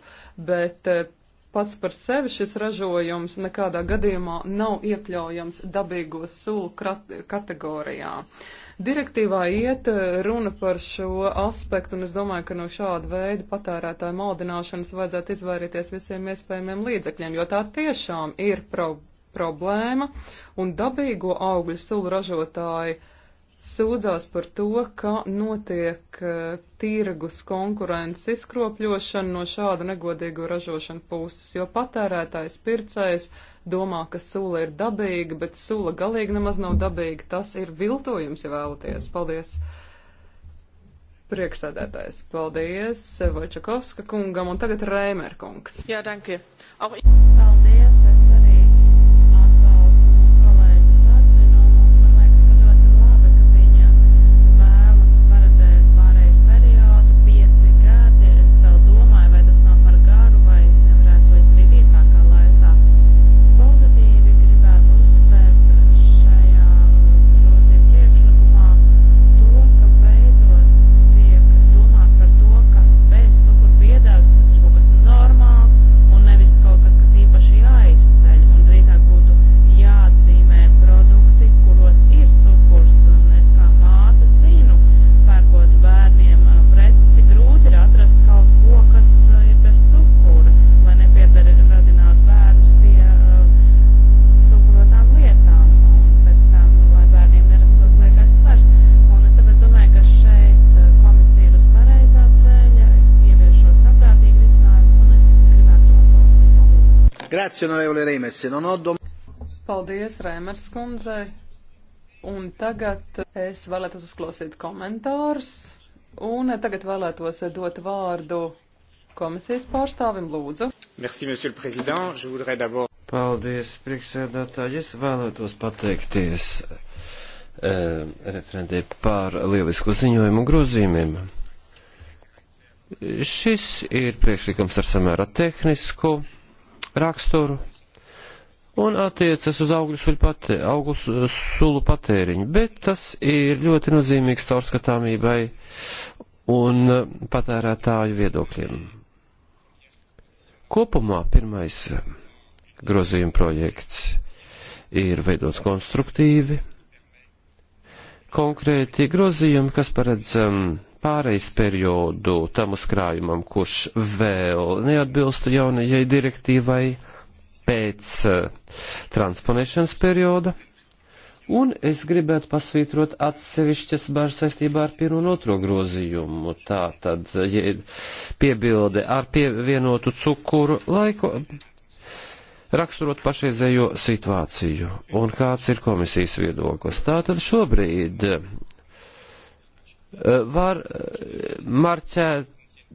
Speaker 3: bet eh, Pats par sevi šis ražojums nekādā gadījumā nav iekļaujams dabīgo sulu kategorijā. Direktīvā iet eh, runa par šo aspektu, un es domāju, ka no šāda veida patērētāju maldināšanas vajadzētu izvairīties visiem iespējamiem līdzekļiem, jo tā tiešām ir pro problēma, un dabīgo augļu sulu ražotāji sūdzās par to, ka notiek uh, tirgus konkurences izkropļošana no šāda negodīgo ražošanu puses, jo patērētājs pircējs domā, ka sula ir dabīga, bet sula galīgi nemaz nav dabīga. Tas ir viltojums, ja vēlaties. Paldies! Prieksēdētājs, paldies Vojčakovska kungam un tagad Rēmer kungs.
Speaker 4: Jā, dankie. Paldies! Es...
Speaker 1: Grazie, onorevole Reimers. Non
Speaker 3: ho dom... Paldies, Reimers kundzei. Un tagad es vēlētos uzklausīt komentārus. Un tagad vēlētos dot vārdu komisijas pārstāvim lūdzu. Merci, monsieur le président. Je voudrais d'abord.
Speaker 2: Paldies, priekšsēdētāji. Es vēlētos pateikties eh, referentē par lielisku ziņojumu grozījumiem. Šis ir priekšlikums ar samērā tehnisku raksturu un attiecas uz augļu, patē, augļu sulu patēriņu, bet tas ir ļoti nozīmīgs caurskatāmībai un eh, patērētāju viedokļiem. Kopumā pirmais eh, grozījuma projekts ir veidots konstruktīvi. Konkrēti grozījumi, kas paredz um, pārejas periodu tam uzkrājumam, kurš vēl neatbilst jaunajai direktīvai pēc eh, transponēšanas perioda. Un es gribētu pasvītrot atsevišķas bažas saistībā ar pirmo un otro grozījumu. Tā tad ja piebilde ar pievienotu cukuru laiku raksturot pašreizējo situāciju un kāds ir komisijas viedoklis. Tātad šobrīd Eh, var eh, marķēt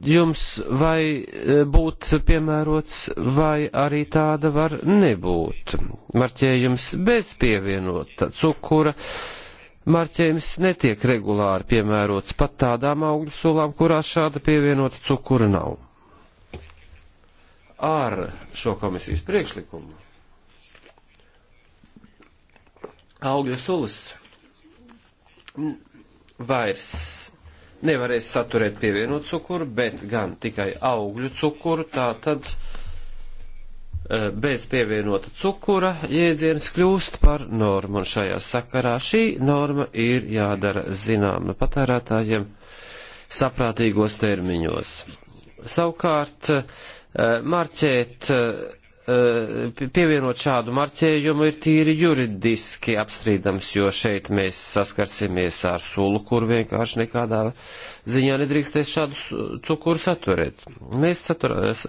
Speaker 2: jums vai eh, būt piemērots, vai arī tāda var nebūt. Marķējums bez pievienota cukura. Marķējums netiek regulāri piemērots pat tādām augļu sulām, kurās šāda pievienota cukura nav. Ar šo komisijas priekšlikumu augļu sulas vairs nevarēs saturēt pievienot cukuru, bet gan tikai augļu cukuru, tā tad e, bez pievienota cukura jēdziens kļūst par normu, un šajā sakarā šī norma ir jādara zināma patērētājiem saprātīgos termiņos. Savukārt, e, marķēt e, pievienot šādu marķējumu ir tīri juridiski apstrīdams, jo šeit mēs saskarsimies ar sulu, kur vienkārši nekādā ziņā nedrīkstēs šādu cukuru saturēt. Mēs saturēs,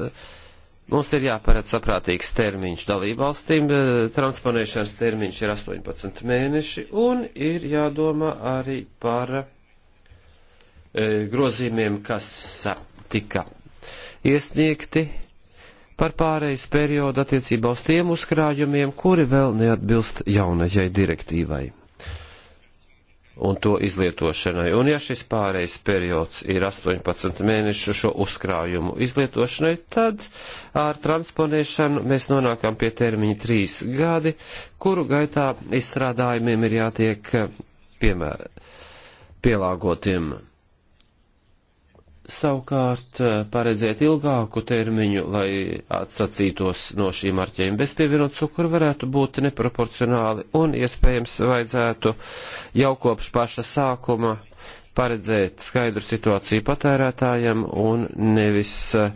Speaker 2: mums ir jāparedz saprātīgs termiņš dalībvalstīm, transponēšanas termiņš ir 18 mēneši, un ir jādomā arī par e, grozījumiem, kas tika iesniegti par pārejas periodu attiecībā uz tiem uzkrājumiem, kuri vēl neatbilst jaunajai direktīvai un to izlietošanai. Un ja šis pārejas periods ir 18 mēnešu šo uzkrājumu izlietošanai, tad ar transponēšanu mēs nonākam pie termiņa 3 gadi, kuru gaitā izstrādājumiem ir jātiek piemēra pielāgotiem savukārt eh, paredzēt ilgāku termiņu, lai atsacītos no šīm marķējuma bez pievienot cukuru, varētu būt neproporcionāli un iespējams vajadzētu jau kopš paša sākuma paredzēt skaidru situāciju patērētājiem un nevis uh,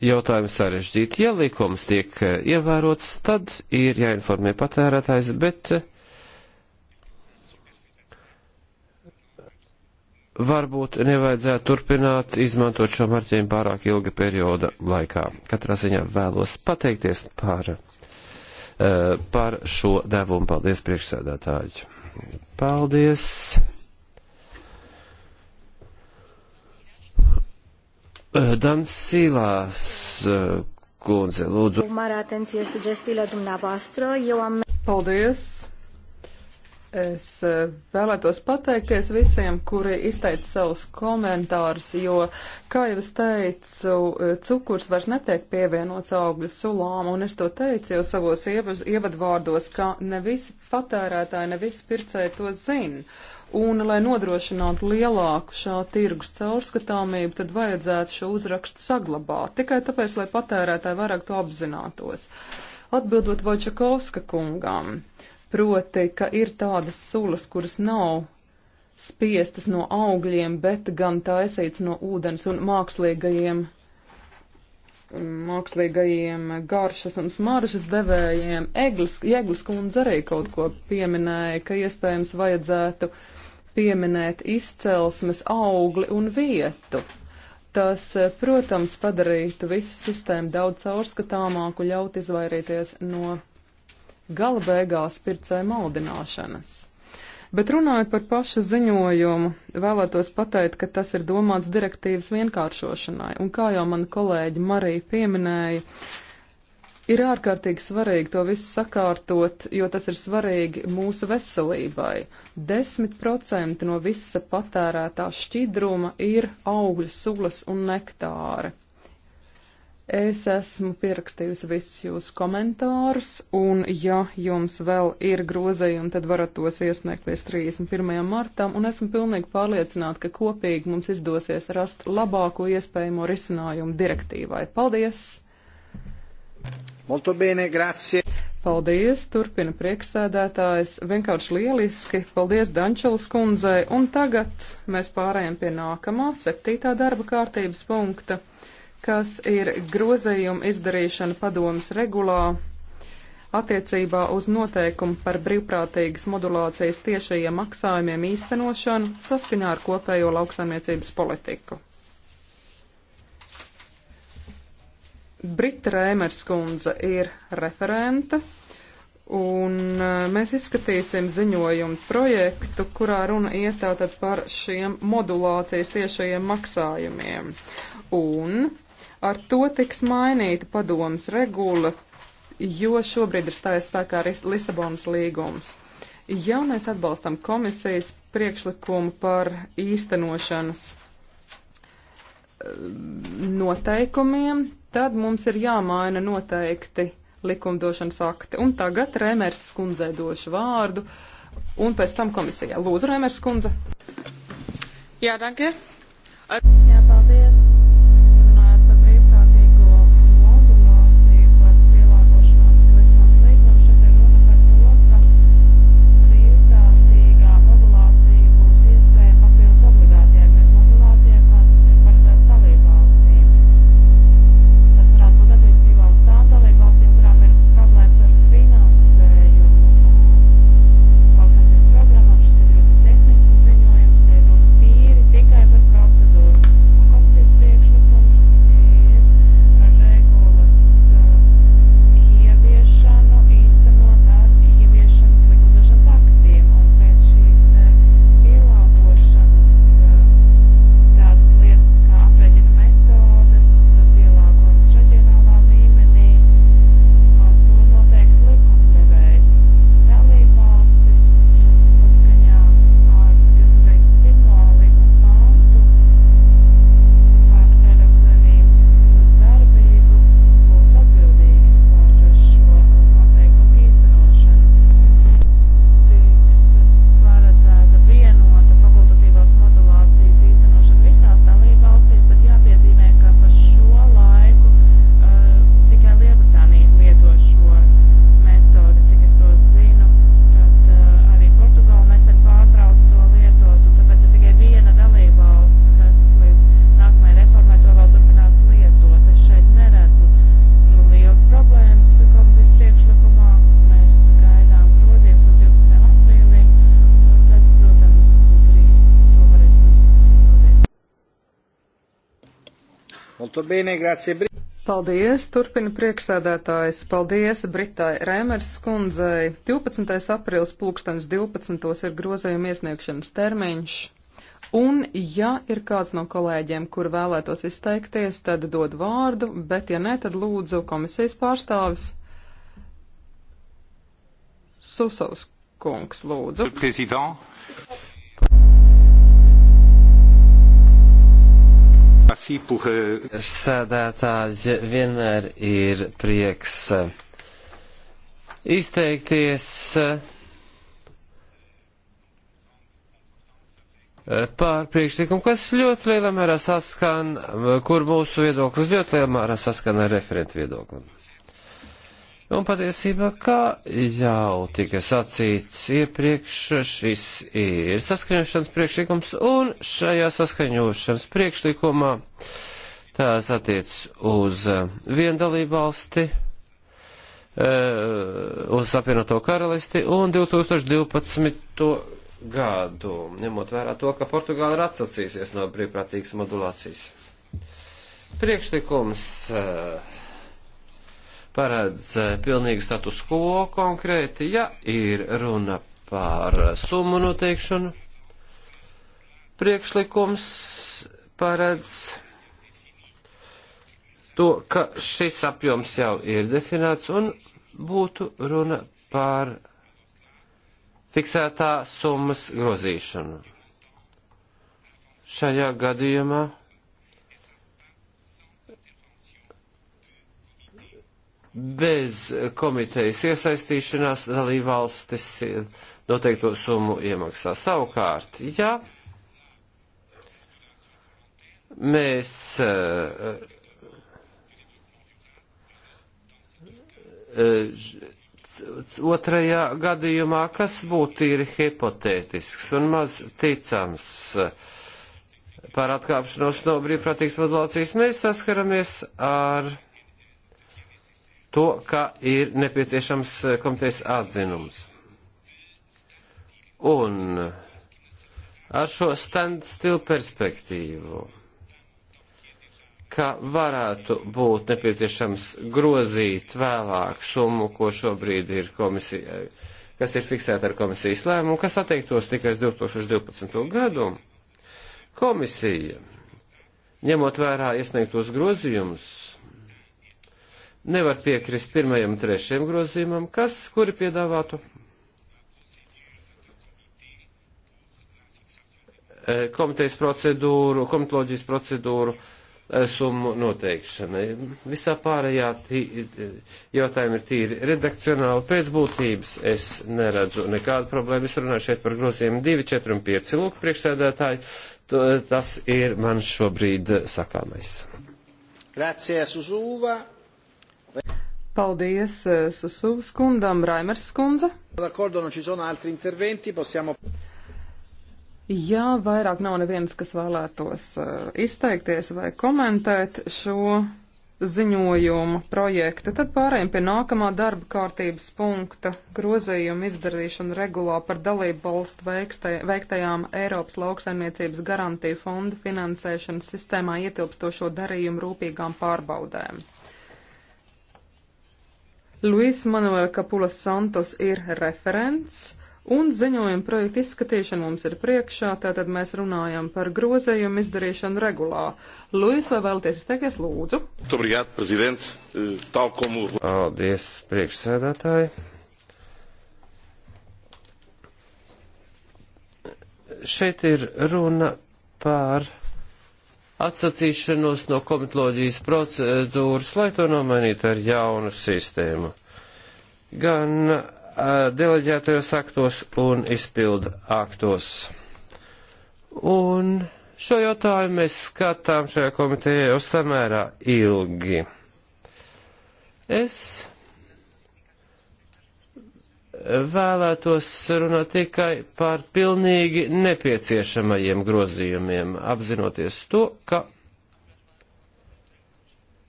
Speaker 2: jautājumu sarežģīt. Ja likums tiek ievērots, tad ir jāinformē patērētājs, bet uh, varbūt nevajadzētu turpināt izmantot šo marķējumu pārāk ilga perioda laikā. Katrā ziņā vēlos pateikties par, eh, par šo devumu. Paldies, priekšsēdētāji. Paldies. Eh, Dan Silās eh, kundze, lūdzu.
Speaker 3: Paldies. Es eh, vēlētos pateikties visiem, kuri izteica savus komentārus, jo, kā jau es teicu, eh, cukurs vairs netiek pievienots augļu sulām, un es to teicu jau savos ievadvārdos, ka ne visi patērētāji, ne visi pircēji to zina. Un, lai nodrošinātu lielāku šā tirgus caurskatāmību, tad vajadzētu šo uzrakstu saglabāt, tikai tāpēc, lai patērētāji vairāk to apzinātos. Atbildot Vojčakovska kungam proti, ka ir tādas sulas, kuras nav spiestas no augļiem, bet gan taisīts no ūdens un mākslīgajiem, mākslīgajiem garšas un smaržas devējiem. Eglis, Eglis kundze arī kaut ko pieminēja, ka iespējams vajadzētu pieminēt izcelsmes augli un vietu. Tas, protams, padarītu visu sistēmu daudz caurskatāmāku, ļaut izvairīties no gala beigās pircēja maldināšanas. Bet runājot par pašu ziņojumu, vēlētos pateikt, ka tas ir domāts direktīvas vienkāršošanai, un kā jau mana kolēģi Marija pieminēja, ir ārkārtīgi svarīgi to visu sakārtot, jo tas ir svarīgi mūsu veselībai. 10% no visa patērētā šķidruma ir augļu sulas un nektāri. Es esmu pierakstījusi visus jūsu komentārus, un ja jums vēl ir grozējumi, tad varat tos iesniegt līdz 31. martam, un esmu pilnīgi pārliecināta, ka kopīgi mums izdosies rast labāko iespējamo risinājumu direktīvai. Paldies! Molto bene, grazie! Paldies, turpina prieksēdētājs. Vienkārši lieliski. Paldies Dančels kundzei, un tagad mēs pārējām pie nākamā, septītā darba kārtības punkta kas ir grozējuma izdarīšana padomas regulā attiecībā uz noteikumu par brīvprātīgas modulācijas tiešajiem maksājumiem īstenošanu saskaņā ar kopējo lauksaimniecības politiku. Brita Rēmers kundze ir referente, un e, mēs izskatīsim ziņojumu projektu, kurā runa iet tātad par šiem modulācijas tiešajiem maksājumiem. Un Ar to tiks mainīta padomas regula, jo šobrīd ir stājies spēkā Lisabonas līgums. Ja mēs atbalstam komisijas priekšlikumu par īstenošanas eh, noteikumiem, tad mums ir jāmaina noteikti likumdošanas akti. Un tagad Rēmērs skundzei došu vārdu un pēc tam komisijā. Lūdzu, Rēmērs skundze.
Speaker 4: Jā, danke. At... Jā, paldies.
Speaker 1: bene, grazie.
Speaker 3: Paldies, turpina priekšsēdētājs. Paldies Britai Rēmers skundzei. 12. aprils pulkstens 12. ir grozējuma iesniegšanas termiņš. Un, ja ir kāds no kolēģiem, kur vēlētos izteikties, tad dod vārdu, bet, ja nē, tad lūdzu komisijas pārstāvis Susovs kungs, lūdzu.
Speaker 2: President. Euh, Sēdētāji vienmēr ir prieks uh, izteikties uh, par priekšlikumu, kas ļoti lielā mērā saskan, uh, kur mūsu viedoklis ļoti lielā mērā saskan ar referentu viedoklim. Un patiesībā, kā jau tika sacīts iepriekš, šis ir saskaņošanas priekšlikums, un šajā saskaņošanas priekšlikumā tās attiec uz vienu dalību valsti, eh, uz apvienoto karalisti un 2012. gadu, ņemot vērā to, ka Portugāla ir atsacīsies no brīvprātīgas modulācijas. Priekšlikums uh, paredz eh, pilnīgu status quo konkrēti, ja ir runa par summu noteikšanu. Priekšlikums paredz to, ka šis apjoms jau ir definēts un būtu runa par fiksētā summas grozīšanu. Šajā gadījumā bez komitejas iesaistīšanās dalībvalstis noteikto summu iemaksā. Savukārt, ja mēs eh, eh, otrajā gadījumā, kas būtu ir hipotētisks un maz ticams eh, par atkāpšanos no brīvprātīgas modulācijas, mēs saskaramies ar to, ka ir nepieciešams eh, komitejas atzinums. Un eh, ar šo standstill perspektīvu, ka varētu būt nepieciešams grozīt vēlāk summu, ko šobrīd ir komisija, kas ir fiksēta ar komisijas lēmumu, kas attiektos tikai uz 2012. gadu, komisija, ņemot vērā iesniegtos grozījumus, nevar piekrist pirmajam un trešajam grozījumam, kas, kuri piedāvātu e, komitejas procedūru, komitoloģijas procedūru e, summu noteikšanai. Visā pārējā e, jautājumi ir tīri redakcionāli. Pēc būtības es neredzu nekādu problēmu. Es runāju šeit par grozījumiem 2, 4 un 5. Lūk, priekšsēdētāji, tas ir man šobrīd sakāmais.
Speaker 3: Grazie,
Speaker 1: Suzuva.
Speaker 3: Paldies eh, Susuvas kundam, Raimers kundze. Ja vairāk nav nevienas, kas vēlētos eh, izteikties vai komentēt šo ziņojumu projektu, tad pārējiem pie nākamā darba kārtības punkta grozījuma izdarīšana regulā par dalību valstu veiktajām Eiropas lauksaimniecības garantiju fonda finansēšanas sistēmā ietilpstošo darījumu rūpīgām pārbaudēm. Luis Manuel Kapulas Santos ir referents, un ziņojuma projekta izskatīšana mums ir priekšā, tātad mēs runājam par grozējumu izdarīšanu regulā. Luis, vai vēlaties izteikties, lūdzu? Obrigāt, prezidents,
Speaker 2: eh, talkomu. Paldies, priekšsēdētāji. Šeit ir runa par atsacīšanos no komitoloģijas procedūras, lai to nomainītu ar jaunu sistēmu. Gan uh, deleģētajos aktos un izpilda aktos. Un šo jautājumu mēs skatām šajā komitejā jau samērā ilgi. Es vēlētos runāt tikai par pilnīgi nepieciešamajiem grozījumiem, apzinoties to, ka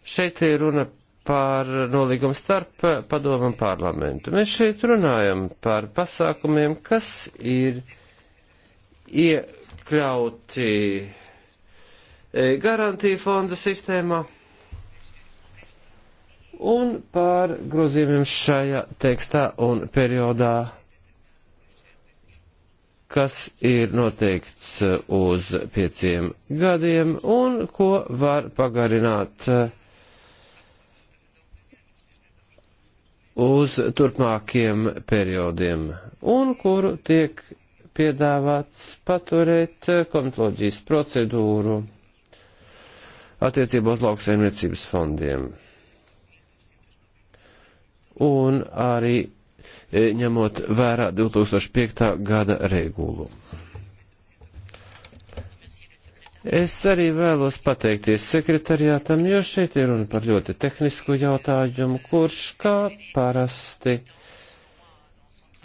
Speaker 2: šeit ir runa par nolīgumu starp padomu un parlamentu. Mēs šeit runājam par pasākumiem, kas ir iekļauti e, garantiju fondu sistēmā un par grozījumiem šajā tekstā un periodā, kas ir noteikts uh, uz pieciem gadiem un ko var pagarināt uh, uz turpmākiem periodiem un kuru tiek piedāvāts paturēt uh, komitoloģijas procedūru attiecībā uz lauksaimniecības fondiem un arī e, ņemot vērā 2005. gada regulu. Es arī vēlos pateikties sekretariātam, jo šeit ir runa par ļoti tehnisku jautājumu, kurš kā parasti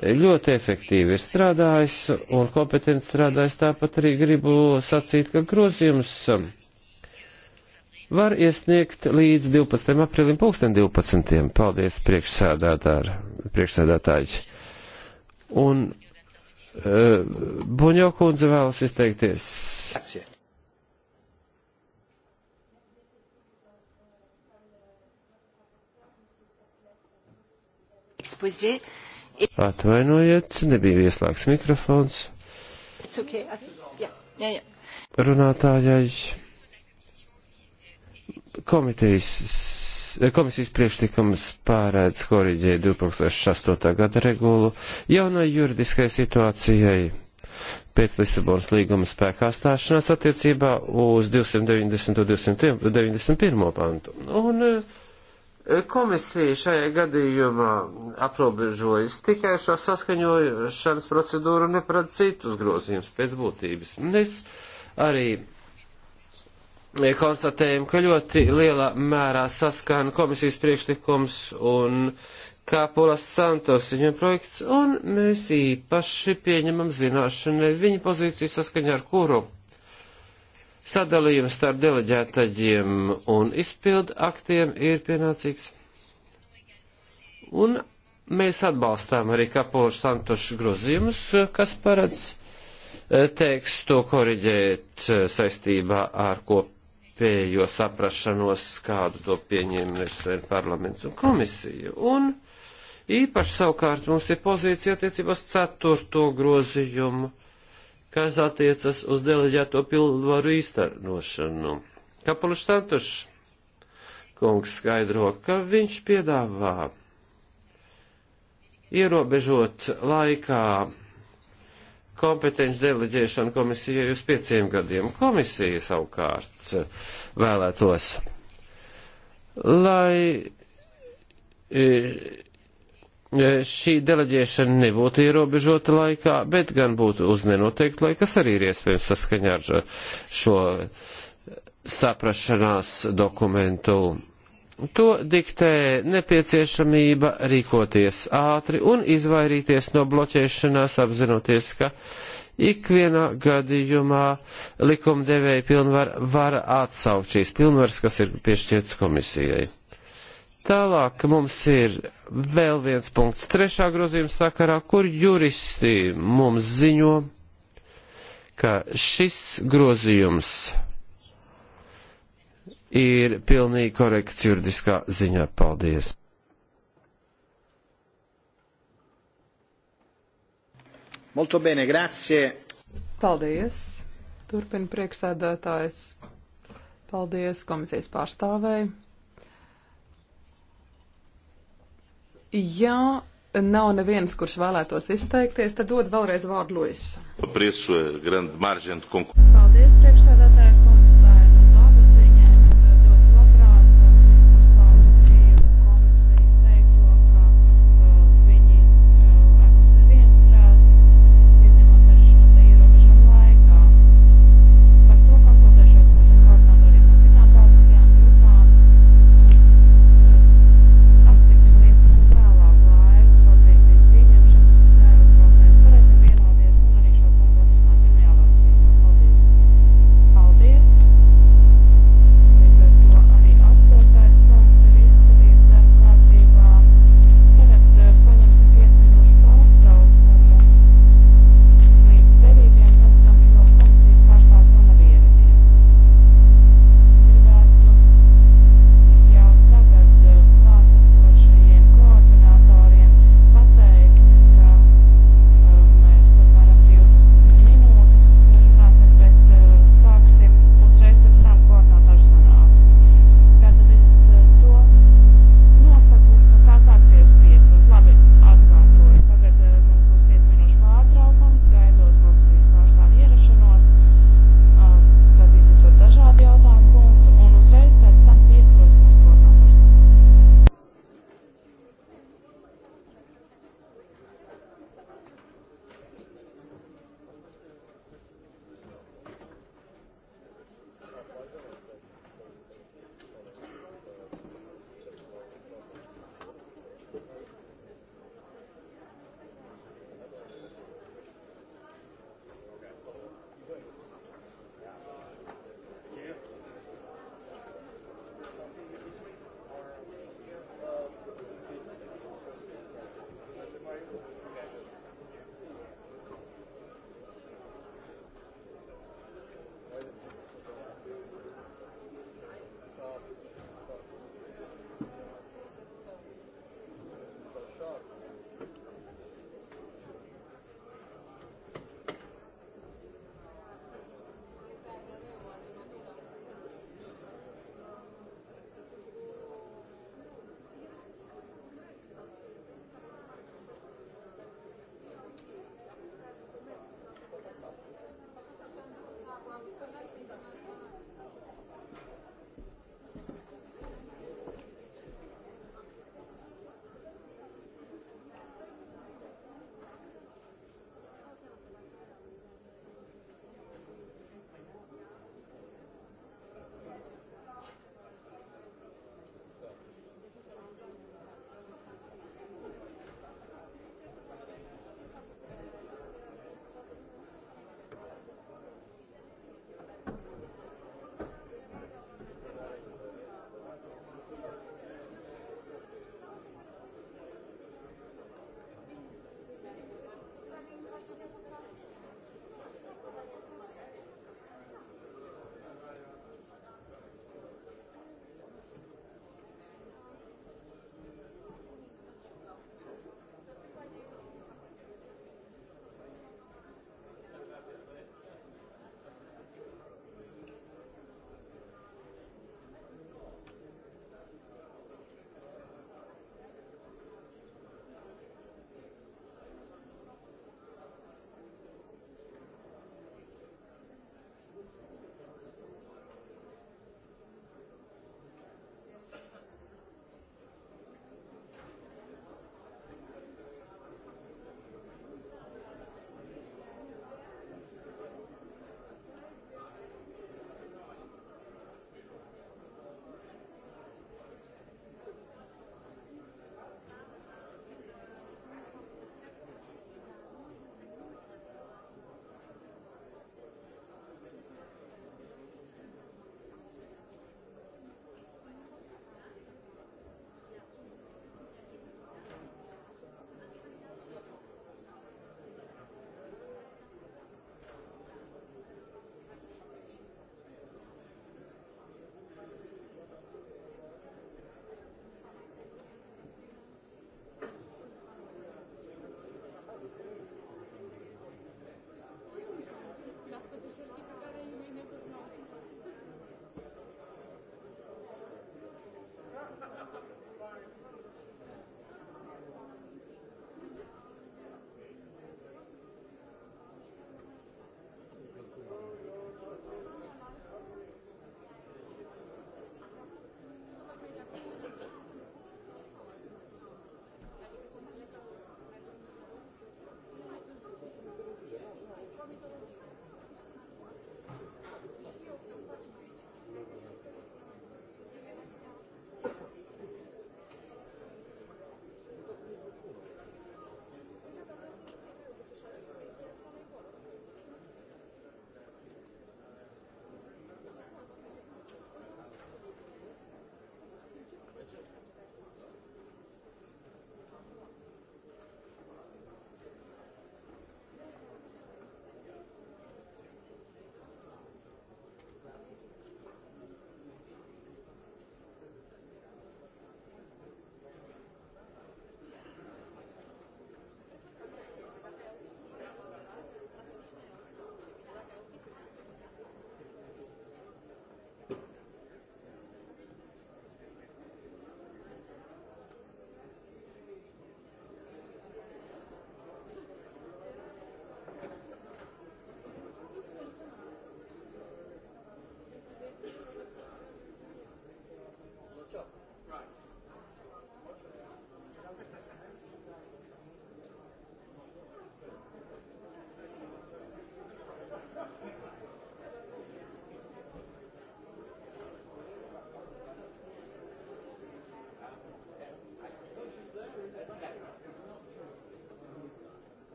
Speaker 2: ļoti efektīvi ir strādājis un kompetenti strādājis. Tāpat arī gribu sacīt, ka grozījums var iesniegt līdz 12. aprīlim 2012. Paldies, priekšsēdētāji. Un uh, Buņo kundze vēlas izteikties. Atvainojiet, nebija ieslēgts mikrofons. Runātājai. Komitejas, komisijas priekšlikums pārēdz koriģē 2008. gada regulu jaunai juridiskai situācijai pēc Lisabonas līguma spēkā stāšanās attiecībā uz 290. un 291. pantu. Un e, komisija šajā gadījumā aprobežojas tikai šo saskaņošanas procedūru un neparad citus grozījumus pēc būtības. Mēs arī konstatējumu, ka ļoti lielā mērā saskana komisijas priekšlikums un Kāpulas Santos viņa projekts, un mēs īpaši pieņemam zināšanai viņa pozīciju saskaņā ar kuru sadalījums starp deleģētajiem un izpildu aktiem ir pienācīgs. Un mēs atbalstām arī Kāpulas Santošu grozījumus, kas paredz eh, tekstu koriģēt eh, saistībā ar kopu savstarpējo saprašanos, kādu to pieņēma nesen parlaments un komisija. Un īpaši savukārt mums ir pozīcija attiecībās ceturto grozījumu, kas attiecas uz deleģēto pilnvaru īstenošanu. Kapulis Santušs kungs skaidro, ka viņš piedāvā ierobežot laikā kompetenci deleģēšanu komisijai uz pieciem gadiem. Komisija savukārt eh, vēlētos, lai eh, šī deleģēšana nebūtu ierobežota laikā, bet gan būtu uz nenoteiktu laiku, kas arī ir iespējams saskaņā ar šo saprašanās dokumentu To diktē nepieciešamība rīkoties ātri un izvairīties no bloķēšanās, apzinoties, ka ikvienā gadījumā likumdevēja pilnvar var atsaukt šīs pilnvaras, kas ir piešķirtas komisijai. Tālāk mums ir vēl viens punkts trešā grozījuma sakarā, kur juristi mums ziņo, ka šis grozījums ir pilnīgi korekts juridiskā ziņā. Paldies!
Speaker 3: Molto bene, grazie! Paldies! Turpina prieksēdētājs. Paldies komisijas pārstāvēji. Ja nav neviens, kurš vēlētos izteikties, tad dod vēlreiz vārdu Luisam.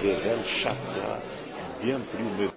Speaker 1: verhältnismäßig bien plus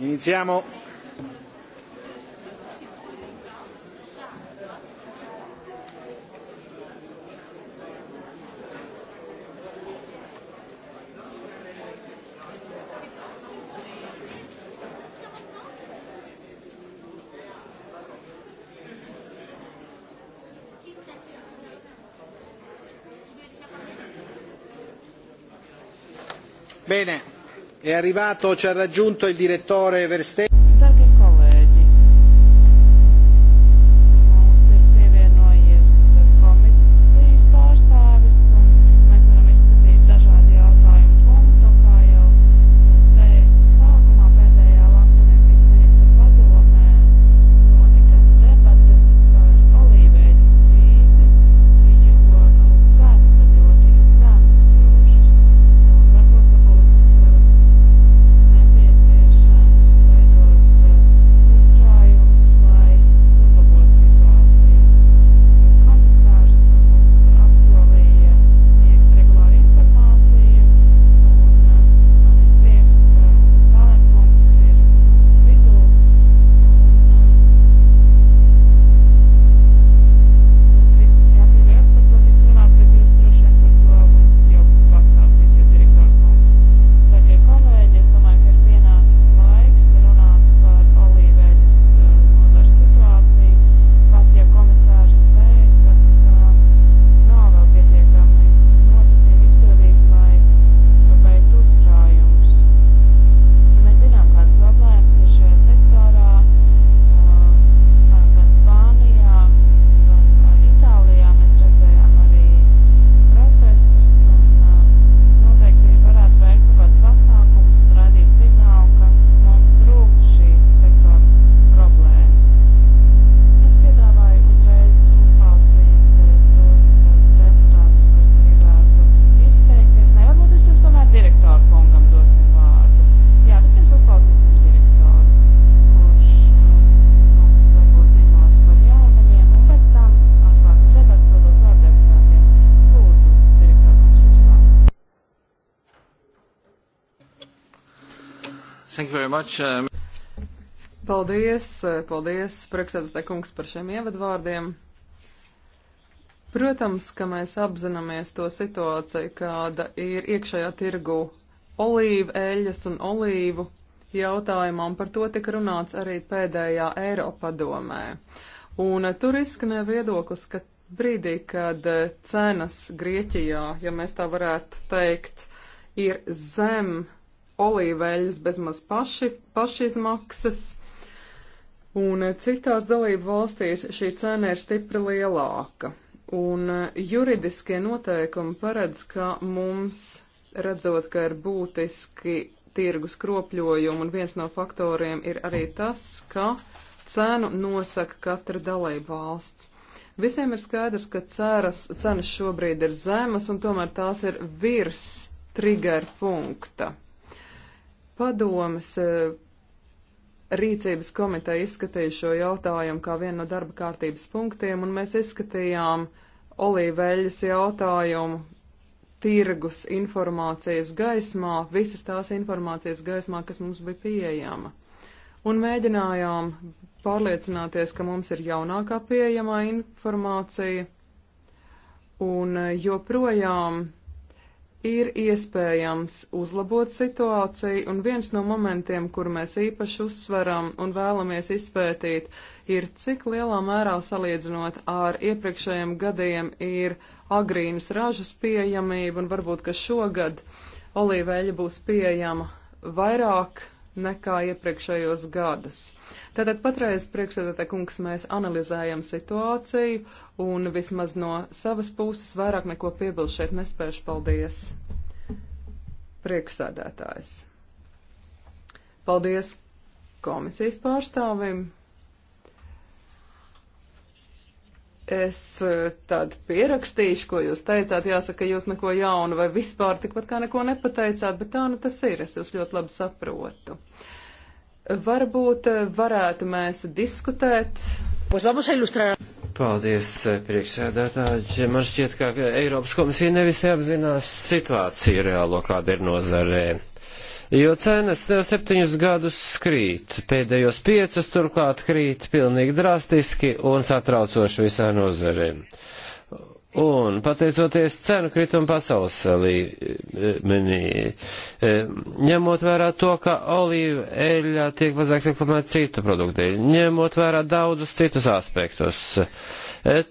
Speaker 1: Iniziamo. Bene è arrivato ci ha raggiunto il direttore verhofstadt
Speaker 2: much. Uh,
Speaker 3: paldies, uh, paldies, priekšsēdētāji kungs, par šiem ievadvārdiem. Protams, ka mēs apzināmies to situāciju, kāda ir iekšējā tirgu olīvu, eļas un olīvu jautājumā, un par to tika runāts arī pēdējā Eiropadomē. Un uh, tur izskanēja viedoklis, ka brīdī, kad cenas Grieķijā, ja mēs tā varētu teikt, ir zem olīveļas bezmaz paši, pašizmaksas, un eh, citās dalību valstīs šī cena ir stipri lielāka. Un eh, juridiskie noteikumi paredz, ka mums, redzot, ka ir būtiski tirgus kropļojumu, un viens no faktoriem ir arī tas, ka cenu nosaka katra dalība valsts. Visiem ir skaidrs, ka ceras, cenas šobrīd ir zemas, un tomēr tās ir virs trigger punkta padomas e, rīcības komiteja izskatīja šo jautājumu kā vienu no darba kārtības punktiem, un mēs izskatījām olīveļas jautājumu tirgus informācijas gaismā, visas tās informācijas gaismā, kas mums bija pieejama. Un mēģinājām pārliecināties, ka mums ir jaunākā pieejamā informācija, un e, joprojām ir iespējams uzlabot situāciju, un viens no momentiem, kur mēs īpaši uzsveram un vēlamies izpētīt, ir cik lielā mērā salīdzinot ar iepriekšējiem gadiem ir agrīnas ražas pieejamība, un varbūt, ka šogad olīveļa būs pieejama vairāk nekā iepriekšējos gadus. Tātad patreiz priekšsēdētāj kungs mēs analizējam situāciju un vismaz no savas puses vairāk neko piebilst šeit nespēšu. Paldies, priekšsēdētājs. Paldies komisijas pārstāvim. Es eh, tad pierakstīšu, ko jūs teicāt. Jāsaka, jūs neko jaunu vai vispār tikpat kā neko nepateicāt, bet tā nu tas ir. Es jūs ļoti labi saprotu. Varbūt eh, varētu mēs diskutēt. Pues vamos a ilustrar.
Speaker 2: Paldies, eh, priekšsēdētāji. Man šķiet, ka Eiropas komisija nevisai apzinās situāciju reālo, kāda ir nozarē jo cenas jau septiņus gadus krīt, pēdējos piecus turklāt krīt pilnīgi drastiski un satraucoši visā nozarē. Un pateicoties cenu kritumu pasaules līmenī, e, ņemot vērā to, ka olīva eļļā tiek mazāk reklamēta citu produktu, ņemot vērā daudzus citus aspektus. Uh,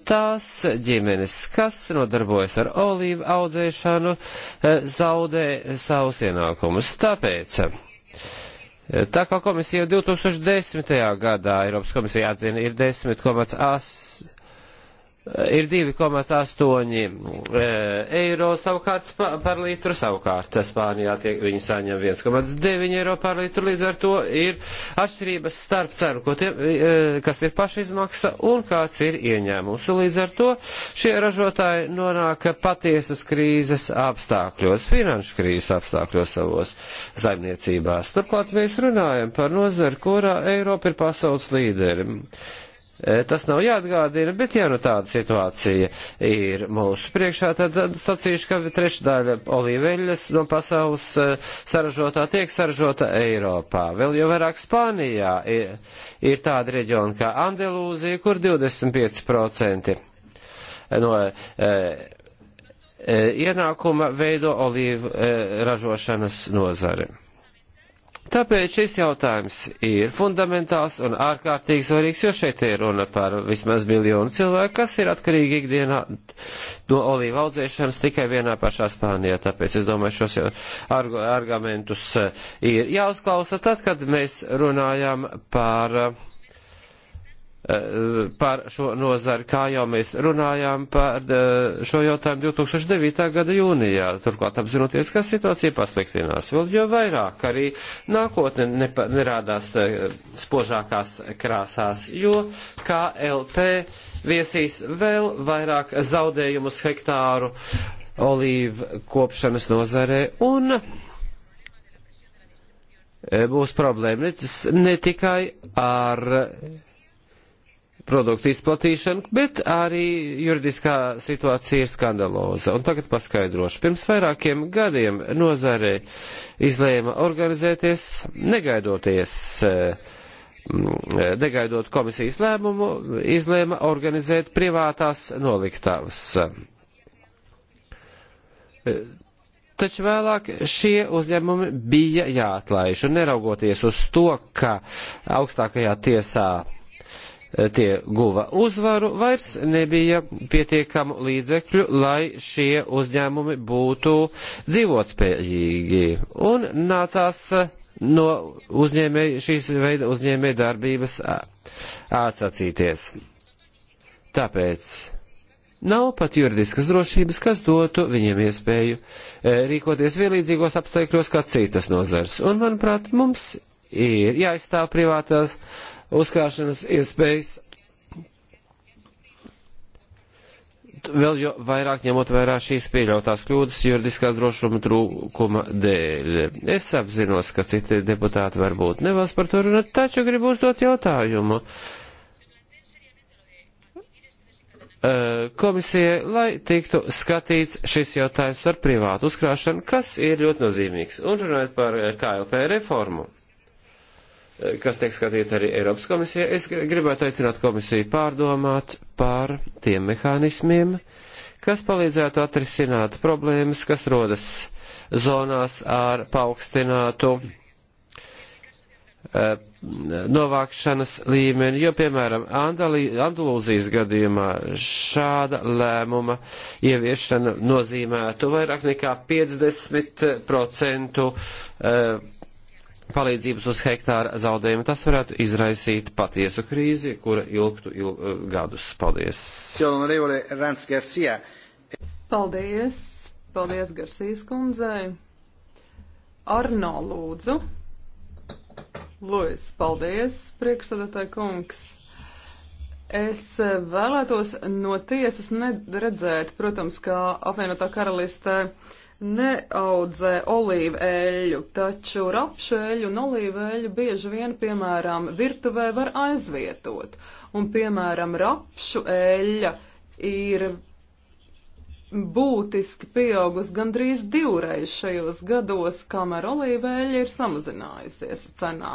Speaker 2: Tās ģimenes, kas nodarbojas ar olīvu audzēšanu, zaudē savus ienākumus. Tāpēc. Tā kā komisija jau 2010. gadā Eiropas komisija atzina, ir 10,8 ir 2,8 e, eiro savukārt par litru, savukārt Spānijā tie, viņi saņem 1,9 eiro par litru, līdz ar to ir atšķirības starp cenu, ko tie, e, kas ir pašizmaksa un kāds ir ieņēmums. Un līdz ar to šie ražotāji nonāk patiesas krīzes apstākļos, finanšu krīzes apstākļos savos saimniecībās. Turklāt mēs runājam par nozari, kurā Eiropa ir pasaules līderi. E, tas nav jāatgādina, bet ja nu tāda situācija ir mūsu priekšā, tad sacīšu, ka trešdaļa olīveļas no pasaules e, saražotā tiek saražota Eiropā. Vēl jau vairāk Spānijā ir, ir tāda reģiona kā Andalūzija, kur 25% no e, e, ienākuma veido olīvu e, ražošanas nozari. Tāpēc šis jautājums ir fundamentāls un ārkārtīgi svarīgs, jo šeit ir runa par vismaz miljonu cilvēku, kas ir atkarīgi ikdienā no olīva audzēšanas tikai vienā pašā Spānijā. Tāpēc es domāju, šos arg argumentus eh, ir jāuzklausa tad, kad mēs runājam par eh, Eh, par šo nozari, kā jau mēs runājām par eh, šo jautājumu 2009. gada jūnijā, turklāt apzinoties, ka situācija pasliktinās vēl jo vairāk, arī nākotne nepa, nerādās eh, spožākās krāsās, jo KLP viesīs vēl vairāk zaudējumus hektāru olīvu kopšanas nozarē un būs problēma ne tikai ar produktu izplatīšanu, bet arī juridiskā situācija ir skandaloza. Un tagad paskaidrošu. Pirms vairākiem gadiem nozare izlēma organizēties negaidoties. Eh, negaidot komisijas lēmumu, izlēma organizēt privātās noliktavas. Taču vēlāk šie uzņēmumi bija jāatlaiž, un neraugoties uz to, ka augstākajā tiesā Eh, tie guva uzvaru, vairs nebija pietiekamu līdzekļu, lai šie uzņēmumi būtu dzīvotspējīgi. Un nācās eh, no uzņēmēja, šīs veida uzņēmēja darbības eh, atsacīties. Tāpēc nav pat juridiskas drošības, kas dotu viņiem iespēju rīkoties vienlīdzīgos apstākļos kā citas nozars. Un, manuprāt, mums ir jāizstāv privātās uh, uzkrāšanas iespējas vēl jo vairāk ņemot vērā šīs pieļautās kļūdas juridiskā drošuma trūkuma dēļ. Es apzinos, ka citi deputāti varbūt nevēlas par to runāt, taču gribu uzdot jautājumu. Komisijai, lai tiktu skatīts šis jautājums par privātu uzkrāšanu, kas ir ļoti nozīmīgs, un runājot par KLP reformu. Eh, kas tiek skatīta arī Eiropas komisijā. Es gribētu aicināt komisiju pārdomāt par tiem mehānismiem, kas palīdzētu atrisināt problēmas, kas rodas zonās ar paaugstinātu eh, novākšanas līmeni, jo, piemēram, Andalī, Andalūzijas gadījumā šāda lēmuma ieviešana nozīmētu vairāk nekā 50% palīdzības uz hektāra zaudējumu. Tas varētu izraisīt patiesu krīzi, kura ilgtu ilg, eh, gadus. Paldies!
Speaker 3: Paldies! Paldies Garsīs kundzei! Arno lūdzu! Lūdzu, paldies, priekšstādātāji kungs! Es eh, vēlētos no tiesas redzēt, protams, kā apvienotā karalistē uh, neaudzē olīvu eļļu, taču rapšu eļļu un olīvu eļļu bieži vien, piemēram, virtuvē var aizvietot. Un, piemēram, rapšu eļļa ir būtiski pieaugusi gandrīz divreiz šajos gados, kamēr olīveļa ir samazinājusies cenā.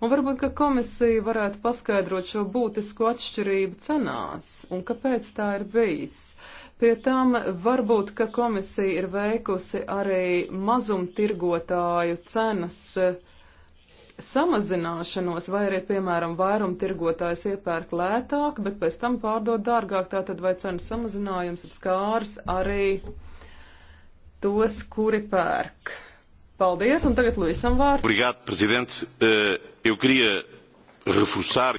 Speaker 3: Un varbūt, ka komisija varētu paskaidrot šo būtisko atšķirību cenās un kāpēc tā ir bijis. Uh, Pie tam varbūt, ka komisija ir veikusi arī mazumtirgotāju cenas eh, samazināšanos, vai arī, piemēram, vairumtirgotājs iepērk lētāk, bet pēc tam pārdod dārgāk, tātad vai cenas samazinājums ir skārs arī tos, kuri pērk. Paldies, un tagad Luisam vārds. Obrigado, prezident. Eh, eu queria reforçar.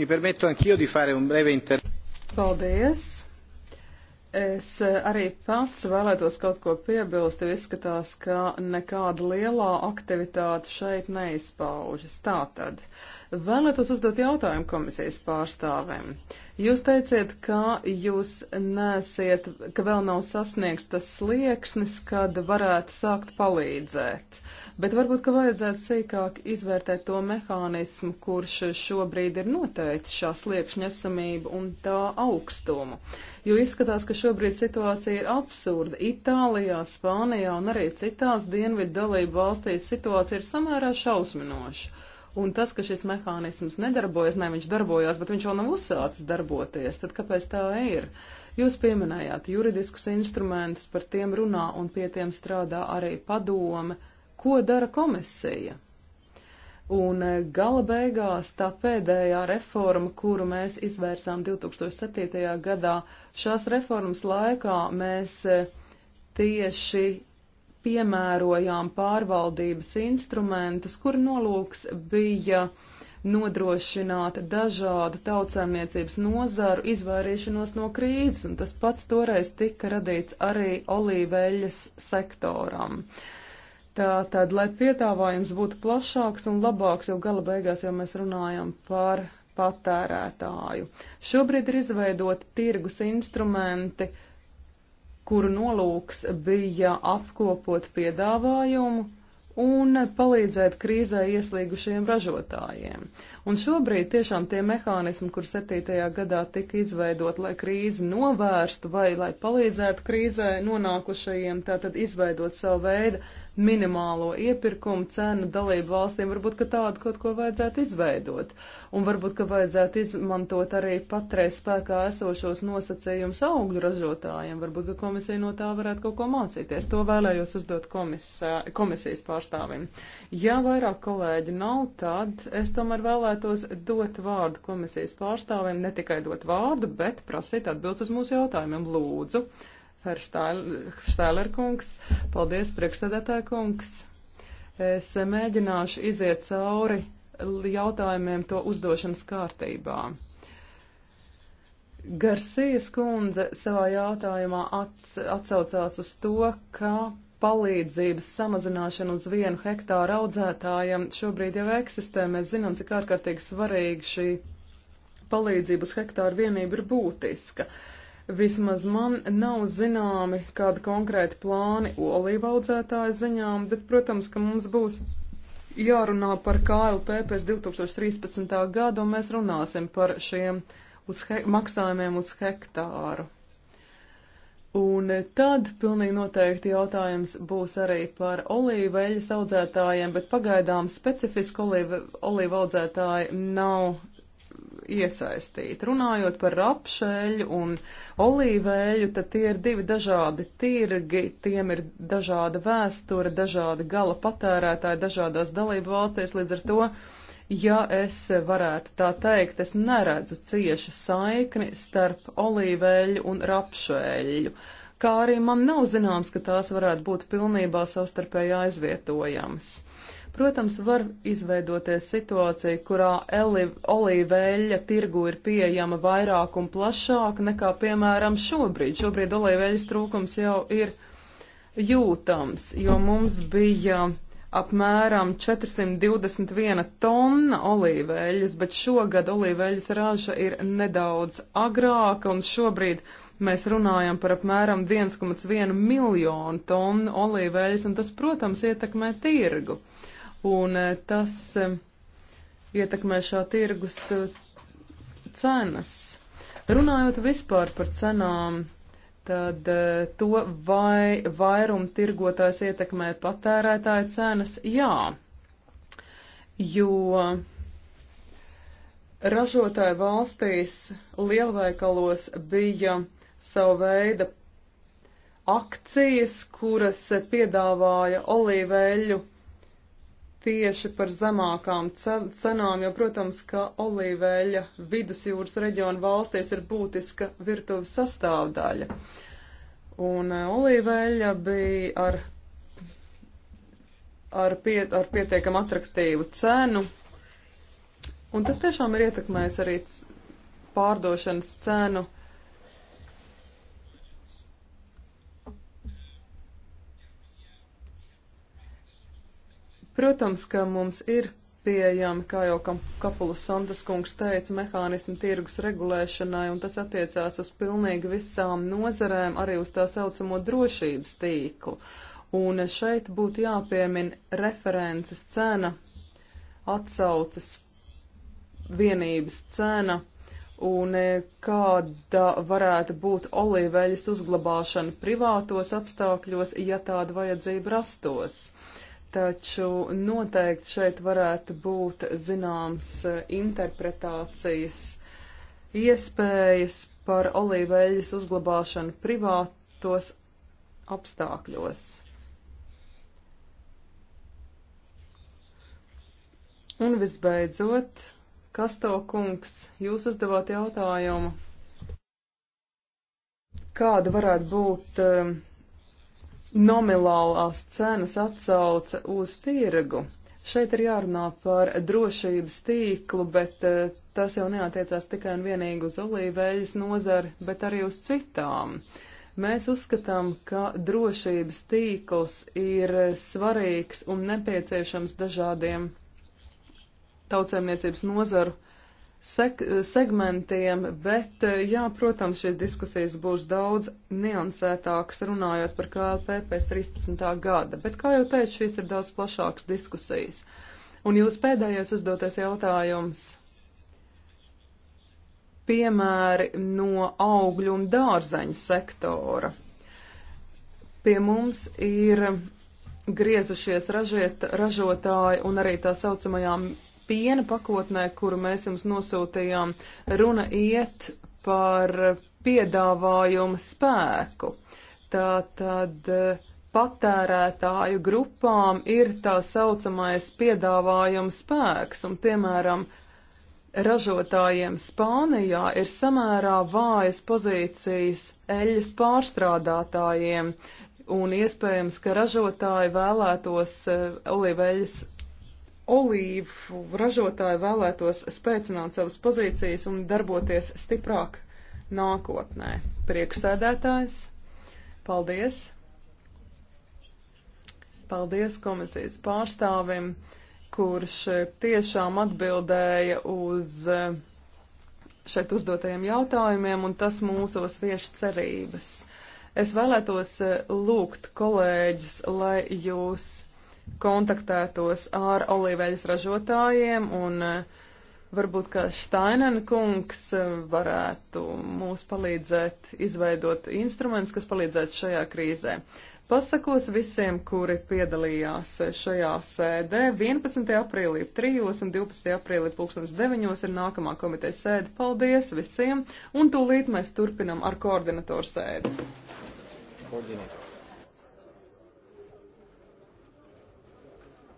Speaker 1: mi permetto anch'io di fare un breve intervento.
Speaker 3: Paldies! Es eh, arī pats vēlētos kaut ko piebilst, jo izskatās, ka nekāda lielā aktivitāte šeit neizpaužas. Tātad, vēlētos uzdot jautājumu komisijas pārstāvēm. Uh, Jūs teiciet, ka jūs nesiet, ka vēl nav sasniegts tas slieksnis, kad varētu sākt palīdzēt, bet varbūt, ka vajadzētu sīkāk izvērtēt to mehānismu, kurš šobrīd ir noteicis šā sliekšņa esamību un tā augstumu. Jo izskatās, ka šobrīd situācija ir absurda. Itālijā, Spānijā un arī citās dienvidu dalību valstīs situācija ir samērā šausminoša. Un tas, ka šis mehānisms nedarbojas, ne viņš darbojās, bet viņš vēl nav uzsācis darboties, tad kāpēc tā ir? Jūs pieminējāt juridiskus instrumentus, par tiem runā un pie tiem strādā arī padome. Ko dara komisija? Un eh, gala beigās tā pēdējā reforma, kuru mēs izvērsām 2007. gadā, šās reformas laikā mēs eh, tieši piemērojām pārvaldības instrumentus, kur nolūks bija nodrošināt dažādu tautsēmniecības nozaru izvairīšanos no krīzes, un tas pats toreiz tika radīts arī olīveļas sektoram. Tātad, lai piedāvājums būtu plašāks un labāks, jo gala beigās jau mēs runājam par patērētāju. Šobrīd ir izveidoti tirgus instrumenti, uh, kuru nolūks bija apkopot piedāvājumu un palīdzēt krīzē ieslīgušiem ražotājiem. Un šobrīd tiešām tie mehānismi, kur 7. gadā tika izveidot, lai krīzi novērstu vai lai palīdzētu krīzē nonākušajiem, tātad izveidot savu veidu minimālo iepirkumu cenu dalību valstīm. Varbūt, ka tādu kaut ko vajadzētu izveidot. Un varbūt, ka vajadzētu izmantot arī patreiz spēkā esošos nosacījumus augļu ražotājiem. Varbūt, ka komisija no tā varētu kaut ko mācīties. To vēlējos uzdot komisā, komisijas pārstāvim. Ja vairāk kolēģi nav, tad es tomēr vēlētos dot vārdu komisijas pārstāvim, ne tikai dot vārdu, bet prasīt atbildes uz mūsu jautājumiem. Lūdzu! Herštēler kungs. Paldies, priekšstādētāja kungs. Es mēģināšu iziet cauri jautājumiem to uzdošanas kārtībā. Garcijas kundze savā jautājumā ats, atsaucās uz to, ka palīdzības samazināšana uz vienu hektāru audzētājam šobrīd jau eksistē. Mēs zinām, cik ārkārtīgi svarīga šī palīdzība uz hektāru vienību ir būtiska. Uh, Vismaz man nav zināmi kādi konkrēti plāni olīvaudzētāju ziņām, bet, protams, ka mums būs jārunā par KLP pēc 2013. gada, un mēs runāsim par šiem uz he, maksājumiem uz hektāru. Un tad pilnīgi noteikti jautājums būs arī par olīveļas audzētājiem, bet pagaidām specifiski olīva, olīva audzētāji nav iesaistīti. Runājot par rapšēļu un olīvēļu, tad tie ir divi dažādi tirgi, tiem ir dažāda vēsture, dažādi gala patērētāji dažādās dalību valstīs, līdz ar to, ja es varētu tā teikt, es neredzu cieši saikni starp olīvēļu un rapšēļu kā arī man nav zināms, ka tās varētu būt pilnībā savstarpēji aizvietojamas. Protams, var izveidoties situācija, kurā olīveļa tirgu ir pieejama vairāk un plašāk nekā, piemēram, šobrīd. Šobrīd olīveļas trūkums jau ir jūtams, jo mums bija apmēram 421 tonna olīveļas, bet šogad olīveļas raža ir nedaudz agrāka un šobrīd mēs runājam par apmēram 1,1 miljonu tonu olīveļas, un tas, protams, ietekmē tirgu un eh, tas eh, ietekmē šā tirgus eh, cenas. Runājot vispār par cenām, tad to vai vairum tirgotājs ietekmē patērētāja cenas, jā, jo ražotāju valstīs lielveikalos bija savu veidu akcijas, kuras piedāvāja olīveļu tieši par zemākām cenām, jo, protams, ka olīveļa vidusjūras reģiona valstīs ir būtiska virtuves sastāvdaļa. Un e, olīveļa bija ar, ar, pie, ar pietiekam atraktīvu cenu, un tas tiešām ir ietekmējis arī pārdošanas cenu Protams, ka mums ir pieejami, kā jau Kapulas Santas kungs teica, mehānismi tirgus regulēšanai, un tas attiecās uz pilnīgi visām nozarēm, arī uz tā saucamo drošības tīklu. Un šeit būtu jāpiemin references cena, atsaucas vienības cena un e, kāda varētu būt olīveļas uzglabāšana privātos apstākļos, ja tāda vajadzība rastos. Uh, Taču noteikti šeit varētu būt zināms eh, interpretācijas iespējas par olīveļas uzglabāšanu privātos apstākļos. Un visbeidzot, Kasto kungs, jūs uzdevāt jautājumu, kāda varētu būt uh, nominālās cenas atsauce uz tirgu. Šeit ir jārunā par drošības tīklu, bet uh, tas jau neatiecās tikai un vienīgi uz olīveļas nozari, bet arī uz citām. Mēs uzskatām, ka drošības tīkls ir svarīgs un nepieciešams dažādiem tautsēmniecības nozaru sek segmentiem, bet, eh, jā, protams, šīs diskusijas būs daudz niansētākas runājot par KLP pēc 13. gada, bet, kā jau teicu, šīs ir daudz plašākas diskusijas. Un jūs pēdējais uzdotais jautājums piemēri no augļu un dārzaņu sektora. Pie mums ir griezušies ražiet, ražotāji un arī tā saucamajām piena pakotnē, kuru mēs jums nosūtījām, runa iet par piedāvājumu spēku. Tā tad eh, patērētāju grupām ir tā saucamais piedāvājuma spēks, un, piemēram, ražotājiem Spānijā ir samērā vājas pozīcijas eļas pārstrādātājiem, un iespējams, ka ražotāji vēlētos eh, olīveļas olīvu ražotāji vēlētos spēcināt savas pozīcijas un darboties stiprāk nākotnē. Priekšsēdētājs, paldies! Paldies komisijas pārstāvim, kurš tiešām atbildēja uz eh, šeit uzdotajiem jautājumiem, un tas mūsos vieš cerības. Es vēlētos eh, lūgt kolēģus, lai jūs kontaktētos ar olīveļas ražotājiem un eh, varbūt kā Steinena kungs eh, varētu mūs palīdzēt izveidot instrumentus, kas palīdzētu šajā krīzē. Pasakos visiem, kuri piedalījās šajā sēdē. 11. aprīlī 3. un 12. aprīlī 2009. ir nākamā komitejas sēde. Paldies visiem! Un tūlīt mēs turpinam ar koordinatoru sēdi. Koordinatoru.